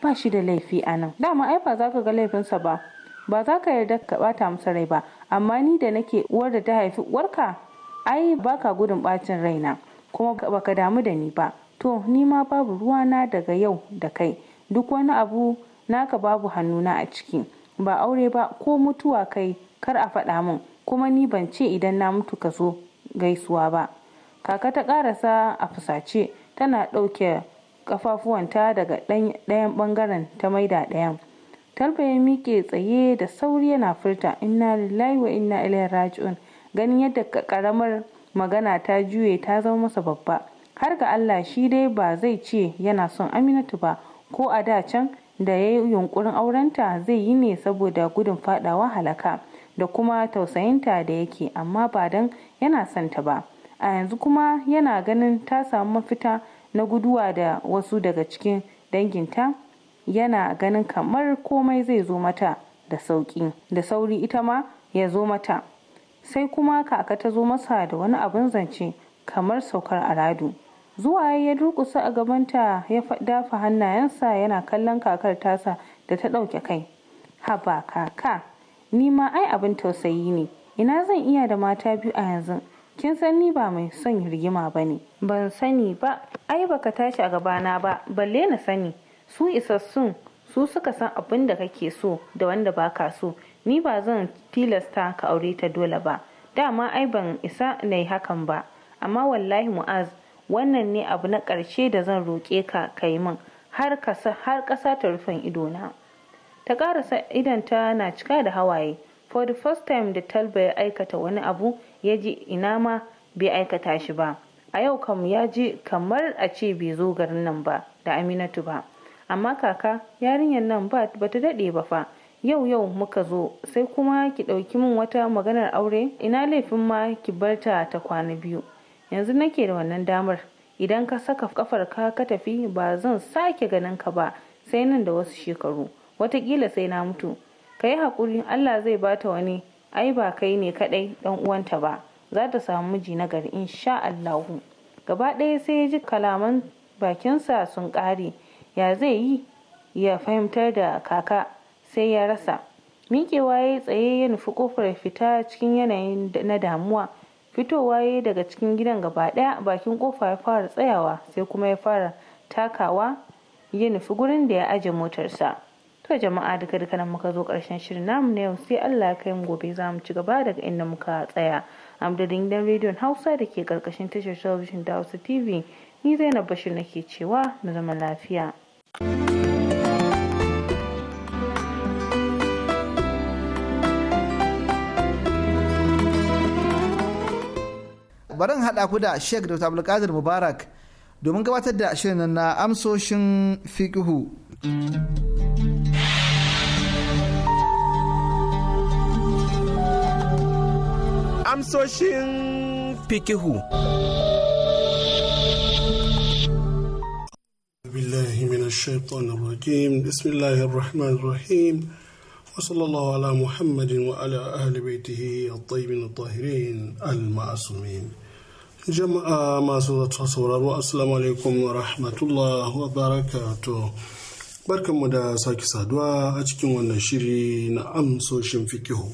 ba shi da laifi a nan dama ai ba za ka ga laifinsa ba ba za ka yarda ka ɓata masa rai ba amma ni da nake uwar da ta haifi uwarka ai ba ka gudun bacin raina kuma ba ka damu da ni ba to ni ma babu ruwana daga yau da kai duk wani abu naka babu hannuna a ciki ba aure ba ko mutuwa kai kar a faɗa min kuma ni ban ce idan na mutu ka zo gaisuwa ba kaka ta ƙarasa a fusace tana ɗauke kafafuwanta daga ɗayan ɓangaren ta maida ɗayan talba ya miƙe tsaye da sauri yana furta inna lillahi wa inna ilaihi raji'un ganin yadda ƙaramar magana ta juye ta zama masa babba har ga Allah shi dai ba zai ce yana son Aminatu ba ko a da can da ya yi yunkurin aurenta zai yi ne saboda gudun fadawa halaka da kuma tausayinta da yake amma ba don yana santa ba a yanzu kuma yana ganin ta samu mafita na guduwa da wasu daga cikin danginta yana ganin kamar komai zai zo mata da sauki da sauri ita ma ya zo mata sai kuma kaka ta zo masa da wani abin zance kamar saukar aradu zuwa ya durkusa a gabanta ya dafa hannayensa yana kallon kakar tasa da ta ɗauke kai haba kaka ni ma ai abin tausayi ne ina zan iya da mata biyu a yanzu kin san ni ba mai son rigima ba ne ban sani ba ai baka tashi a gabana ba balle na sani su isassun su suka san abin da kake so da wanda baka so ni ba zan tilasta ka aure ta dole ba dama ai ban isa na hakan ba amma wallahi mu'az wannan ne abu na ƙarshe da zan roƙe ka kai min har ƙasa ta rufin idona ta ƙarasa ta na cika da hawaye for the first time da talba ya aikata wani abu ya ji ina ma bai aikata shi ba a yau kam ya ji kamar a ce bai zo garin nan ba da aminatu ba amma kaka yarinyar nan ba ta daɗe ba fa yau yau muka zo sai kuma ki ɗauki min wata maganar aure ina laifin ma ki barta ta kwana biyu yanzu nake da wannan damar idan ka saka kafar ka ka tafi ba zan sake ganin ka ba sai nan da wasu shekaru watakila sai na mutu ka yi haƙuri allah zai bata wani ai ba kai ne kaɗai ɗan uwanta ba za ta samu miji na gari insha allahu gaba ɗaya sai ya ji kalaman bakinsa sun ƙare ya zai yi ya fahimtar da kaka sai ya rasa miƙewa ya tsaye ya nufi ƙofar fita cikin yanayin na damuwa fitowa ya daga cikin gidan gaba daya bakin kofa ya fara tsayawa sai kuma ya fara takawa ya nufi gurin da ya ajiye motarsa to jama'a duka duka nan muka zo karshen shirin namu na yau sai Allah ya kai mu gobe za mu ci gaba daga inda muka tsaya amdadin gidan rediyon hausa da ke karkashin tashar talabijin da hausa tv ni zainab bashir nake cewa mu zama lafiya. thank you bari in haɗa ku da Sheikh Dr. Abdulkadir Mubarak domin gabatar da shirin na amsoshin fiƙihu. Amsoshin fiƙihu. بالله من الشيطان الرجيم بسم الله الرحمن الرحيم وصلى الله على محمد وعلى آل بيته الطيبين الطاهرين المعصومين jama'a masu sauraro assalamu alaikum wa rahmatullah wa barakatuh barkanmu da sake saduwa a cikin wannan shiri na amsoshin fikihu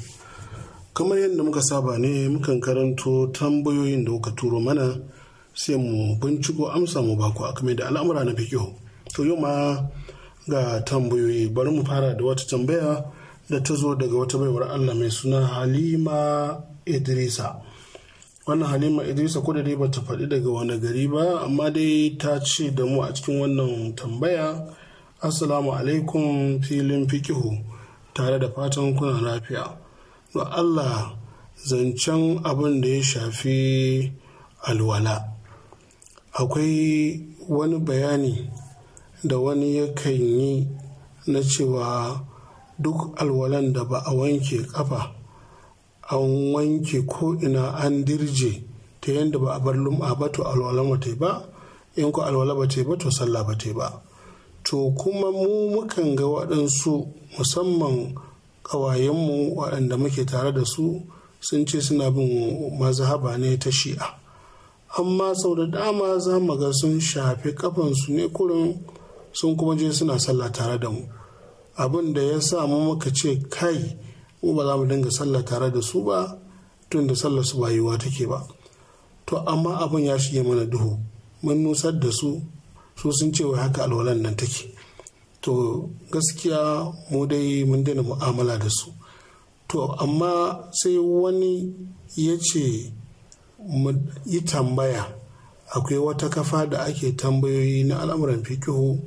kamar yadda muka saba ne mukan karanto tambayoyin da kuka turo mana sai mu binciko amsa mu baku a kame da al'amura na fikihu to yau ma ga tambayoyi bari mu fara da wata tambaya da ta zo daga wata baiwar allah mai suna halima idrisa wannan halima idrisa ko da dai bata faɗi daga wani gari ba amma dai ta ce da mu a cikin wannan tambaya assalamu alaikum filin fikihu tare da fatan kuna lafiya do allah zancen abin da ya shafi alwala akwai wani bayani da wani yakan yi na cewa duk alwalan da ba a wanke kafa an wanke ko'ina an dirje ta yadda ba a bar lum'a ba to alwala ta ba in ko alwala ta ba to sallah ba ta ba to kuma mu mukan ga waɗansu musamman ƙawayenmu waɗanda muke tare da su sun ce suna bin mazhaba ne ta shi'a amma sau da dama za mu ga sun shafi kafansu ne kurin sun kuma je suna sallah tare da mu abin da ya sa mu muka ce kai mu ba za mu dinga sallah tare da su ba tun da sallar su ba yiwuwa take ba to amma abin ya shige mana duhu mun nusar da su su sun ce wai haka alwalan nan take to gaskiya mu dai mun daina mu'amala da su to amma sai wani ya ce mu yi tambaya akwai wata kafa da ake tambayoyi na al'amuran fikihu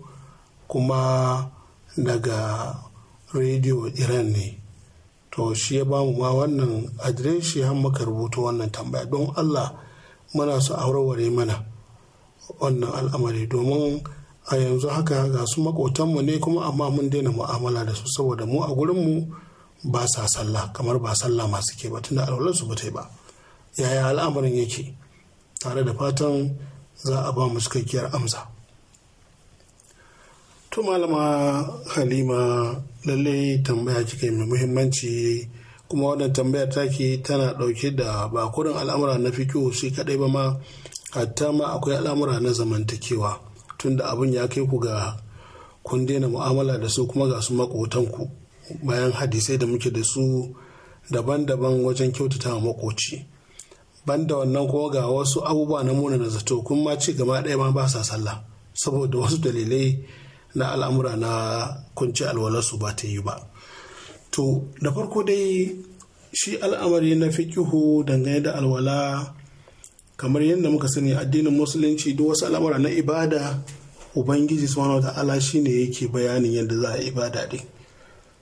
kuma daga rediyo iran ne to shi ya bamu ma wannan adireshi har muka rubuta wannan tambaya don allah muna su aureware mana wannan al'amari domin a yanzu haka ga su makotanmu ne kuma amma mun daina mu'amala da su saboda mu a gurinmu ba sa sallah kamar ba sallah masu ke ba tunda alwalarsu ba ta yi ba yaya al'amarin yake tare da fatan za a ba mu cikakkiyar amsa To malama Halima lallai tambaya kika mai muhimmanci kuma wannan tambayar taki tana ɗauke da ba kurin al'amura na fikihu shi kaɗai ba ma hatta ma akwai al'amura na zamantakewa tunda abin ya kai ku ga kun daina mu'amala da su kuma ga su makotanku bayan hadisai da muke da su daban-daban wajen kyautata wa makoci banda wannan kuma ga wasu abubuwa na muna na zato kun ma ci gaba ɗaya ma ba sa sallah saboda wasu dalilai na al'amura na kunci alwalarsu ba ta yi ba to da farko dai shi al'amari na fikihu dangane da alwala kamar yadda muka sani addinin musulunci duk wasu al'amura na ibada ubangiji subhanahu wa ta'ala shine yake bayanin yadda za a ibada din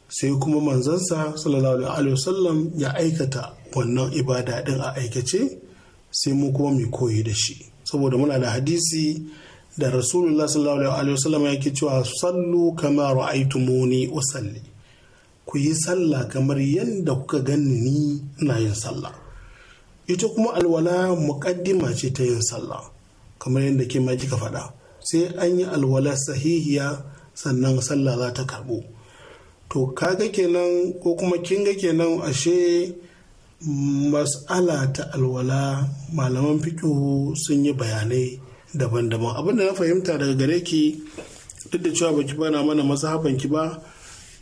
sai kuma manzansa sallallahu alaihi wasallam ya aikata wannan ibada din a aikace sai mu kuma mu koyi da shi saboda muna da hadisi da rasulullah sallallahu alaihi wasallam yake cewa sallu kama ra'aytumuni usalli ku yi sallah kamar yadda kuka gani ni na yin sallah ita kuma alwala muqaddima ce ta yin sallah kamar yadda ke ma kika faɗa sai an yi alwala sahihiya sannan sallah za ta karɓo to kaga kenan ko kuma kin ga kenan ashe mas'ala ta alwala malaman fiƙihu sun yi bayanai daban-daban abin da na fahimta daga gare ki duk da cewa baki bana mana mazhaban ba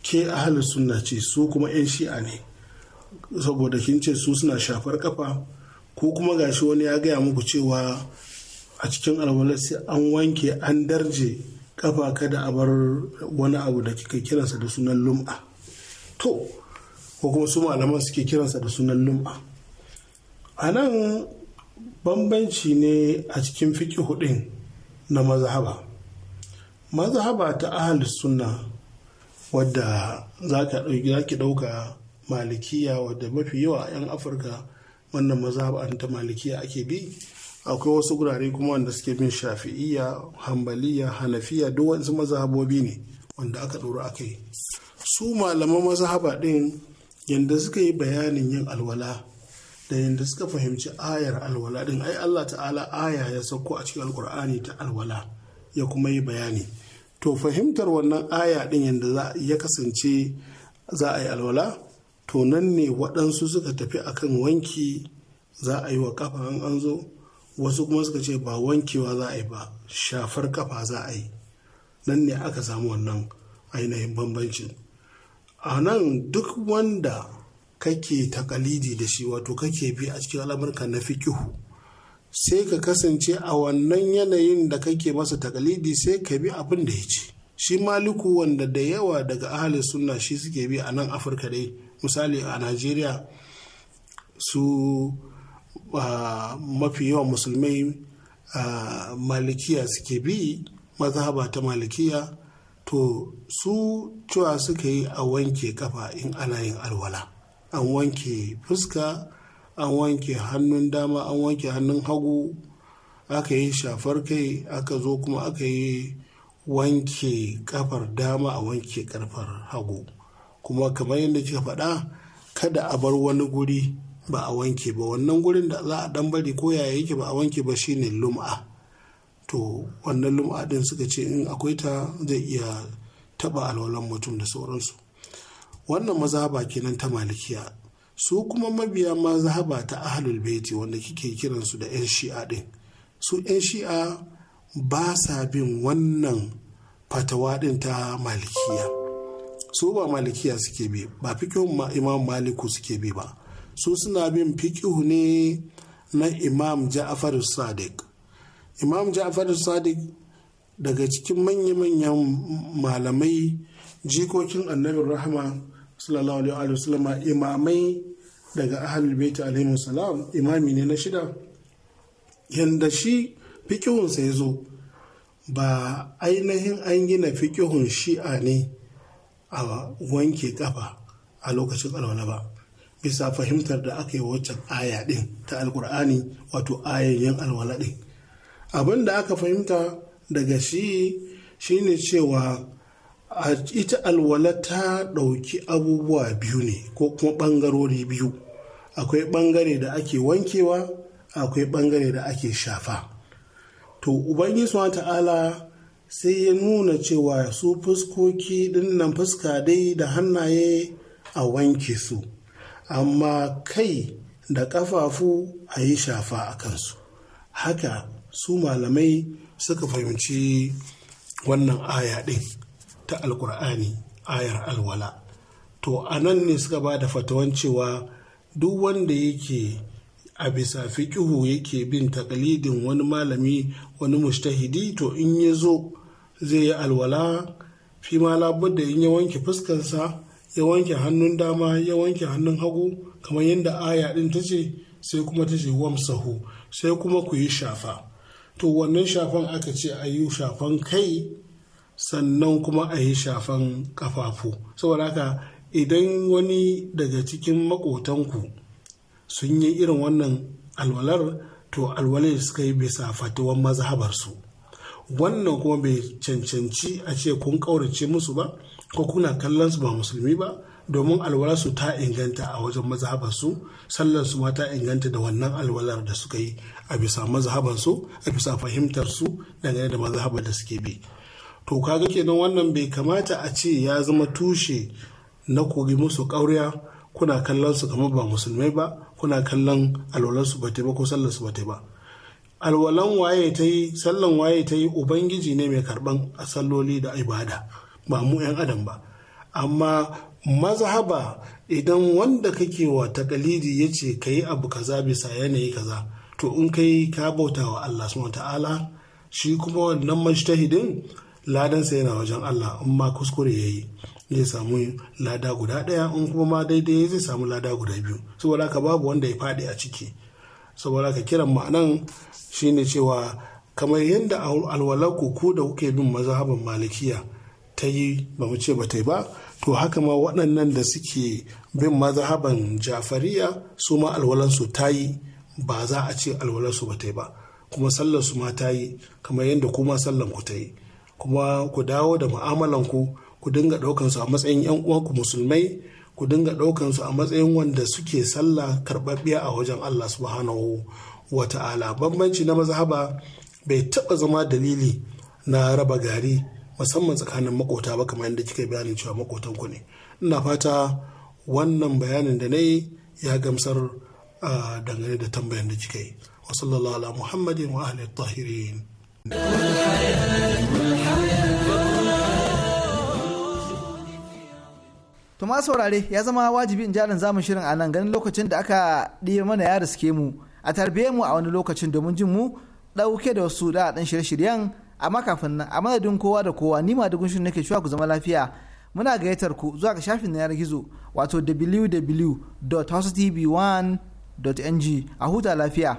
ke ahli sunna ce su kuma 'yan shi'a ne saboda kin ce su suna shafar kafa ko kuma gashi wani ya gaya muku cewa a cikin alwalasi an wanke an darje kafa kada a bar wani abu da kika kiransa da sunan lum'a to ko kuma su malaman suke kiransa da sunan lum'a a nan bambanci ne a cikin fiki hudun na mazhaba mazhaba ta ahalus sunna wadda za ka ɗauka malikiya wadda mafi yawa 'yan afirka wannan mazhaban ta malikiya ake bi akwai wasu gurare kuma wanda suke bin shafi'iyya hambaliya hanafiya duk wasu mazhabobi ne wanda aka ɗora aka yi su malaman mazhaba ɗin yadda suka yi bayanin yin alwala da yadda suka fahimci ayar alwala din ai Allah ta'ala aya ya sauko a cikin alkur'ani ta alwala ya kuma yi bayani to fahimtar wannan aya din yadda ya kasance za a yi alwala to nan ne waɗansu suka tafi akan wanki za a yi wa kafa an an zo wasu kuma suka ce ba wankewa za a yi ba shafar kafa za a yi nan ne aka samu wannan ainihin bambancin a nan duk wanda kake takalidi da shi wato kake bi a cikin al'amurka na fikihu sai ka kasance a wannan yanayin da kake masa takalidi sai ka bi abin da ya ce shi maliku wanda da yawa daga ahalin sunna shi suke bi a nan afirka dai misali a najeriya su mafi yawan musulmai malikiya suke bi mazhaba ta malikiya to su cewa suka yi a wanke kafa in ana yin alwala an wanke fuska an wanke hannun dama an wanke hannun hagu aka yi shafar kai aka zo kuma aka yi wanke kafar dama a wanke karfar hagu kuma kamar yadda kika faɗa kada a bar wani guri ba a wanke ba wannan gurin da za a dan bari ko yaya yake ba a wanke ba shine lum'a to wannan lum'a din suka ce in akwai ta zai iya taba alwalan mutum da sauransu wannan maza mazhaba kenan ta malikiya su kuma mabiya mazhaba ta ahlul baiti wanda kike kiransu da 'yan shi'a din su 'yan shi'a ba sa bin wannan fatawa din ta malikiya su ba malikiya suke bi ba fikihun imam maliku suke bi ba su suna bin fikihu ne na imam ja'afar sadiq imam ja'afar sadiq daga cikin manya-manyan malamai jikokin annabin rahama sallallahu alaihi wa sallam imamai daga ahlul bait alaihi salam imami ne na shida yanda shi fikihunsa ya zo ba ainihin an gina fikihun shi'a ne a wanke kafa a lokacin alwala ba bisa fahimtar da aka yi waccan aya din ta alkur'ani wato yin alwala din abin da aka fahimta daga shi shine cewa A ita alwala ta ɗauki abubuwa biyu ne ko kuma ɓangarori biyu akwai ɓangare da ake wankewa akwai ɓangare da ake shafa to ubangiji wa ta'ala sai ya nuna cewa su fuskoki dinnan fuska dai da hannaye a wanke su amma kai da ƙafafu a yi shafa a kansu haka su malamai suka fahimci wannan aya ɗin. ta alkur'ani ayar alwala to a nan ne suka ba da fatawan cewa duk wanda yake a bisa fiƙihu yake bin takalidin wani malami wani mushtahidi to in ya zo zai yi alwala fi ma da in ya wanke fuskarsa ya wanke hannun dama ya wanke hannun hagu kamar yadda aya ɗin ta ce sai kuma ta ce wamsahu sai kuma ku yi shafa to wannan shafan aka ce a yi shafan kai sannan kuma a yi shafan kafafu saboda haka idan wani daga cikin makotanku sun yi irin wannan alwalar to alwalar suka yi bisa fatuwan mazhabarsu wannan kuma bai cancanci a ce kun ƙaurace musu ba ko kuna kallon su ba musulmi ba domin alwalarsu ta inganta a wajen mazhabarsu sallarsu ma ta inganta da wannan alwalar da suka yi a bisa mazhabarsu a bisa fahimtarsu dangane da mazhabar da suke bi to kaga kenan wannan bai kamata a ce ya zama tushe na kogi musu ƙauriya kuna kallon su kamar ba musulmai ba kuna kallon alwalansu ba ba ko sallarsu ba ba alwalan waye ta yi sallan waye ta yi ubangiji ne mai karban a salloli da ibada ba mu 'yan adam ba amma mazhaba idan wanda kake wa takalidi ya ce ka yi abu kaza bisa yanayi kaza to in kai ka bauta wa allah subhanahu ta'ala shi kuma wannan majtahidin ladansa yana wajen Allah in ma kuskure ya yi zai samu lada guda ɗaya in kuma ma daidai zai samu lada guda biyu saboda ka babu wanda ya faɗi a ciki saboda ka kiran ma'anan shine cewa kamar yadda alwala ku da kuke bin mazhaban malikiya ta yi ba mu ce ba ta yi ba to haka ma waɗannan da suke bin mazhaban jafariya su ma alwalansu ta yi ba za a ce alwalansu ba ta yi ba kuma sallarsu su ma ta yi kamar yadda kuma sallan ku ta yi kuma ku dawo da mu'amalanku ku dinga ɗaukan su a matsayin 'yan uwanku musulmai ku dinga ɗaukan su a matsayin wanda suke sallah karɓaɓɓiya a wajen Allah subhanahu wa ta'ala bambanci na mazhaba bai taɓa zama dalili na raba gari musamman tsakanin makota ba kamar yadda kika bayanin cewa makotan ku ne ina fata wannan bayanin da na yi ya gamsar ah, dangane da tambayan da kika yi wa sallallahu ala muhammadin wa ahli tahirin tuma saurare ya zama wajibi in jarin zamun shirin a nan ganin lokacin da aka ɗiye mana ya riske mu a tarbiyyar mu a wani lokacin domin jin mu ɗauke da wasu da ɗan shirye-shiryen amma kafin nan a madadin kowa da kowa ni ma da gunshin nake shuwa ku zama lafiya muna gayyatar ku zuwa ga shafin na yanar gizo wato wwwhostv 1ng a huta lafiya.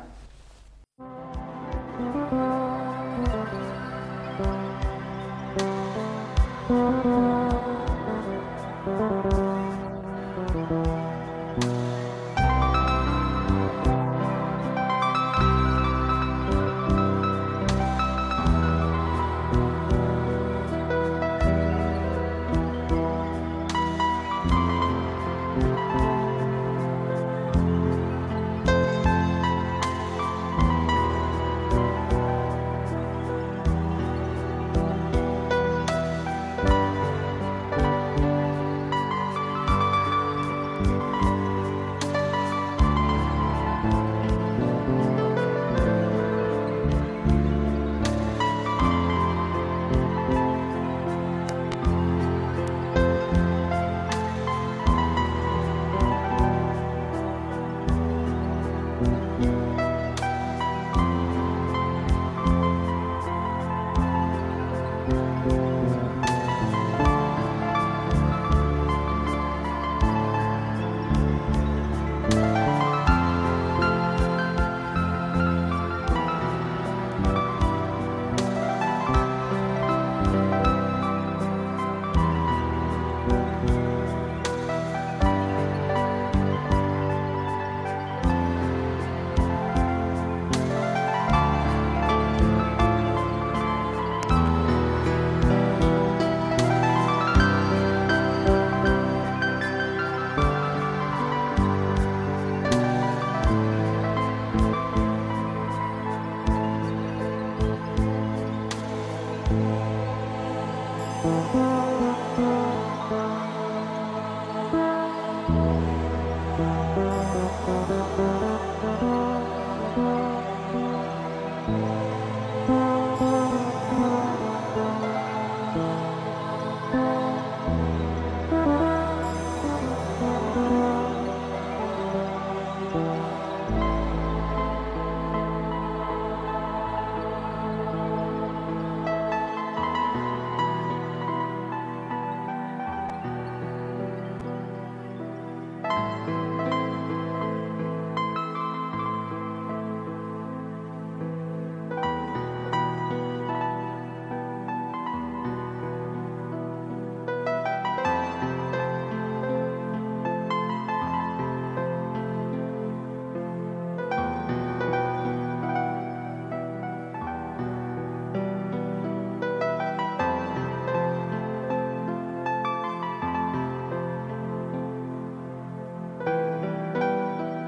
Thank you.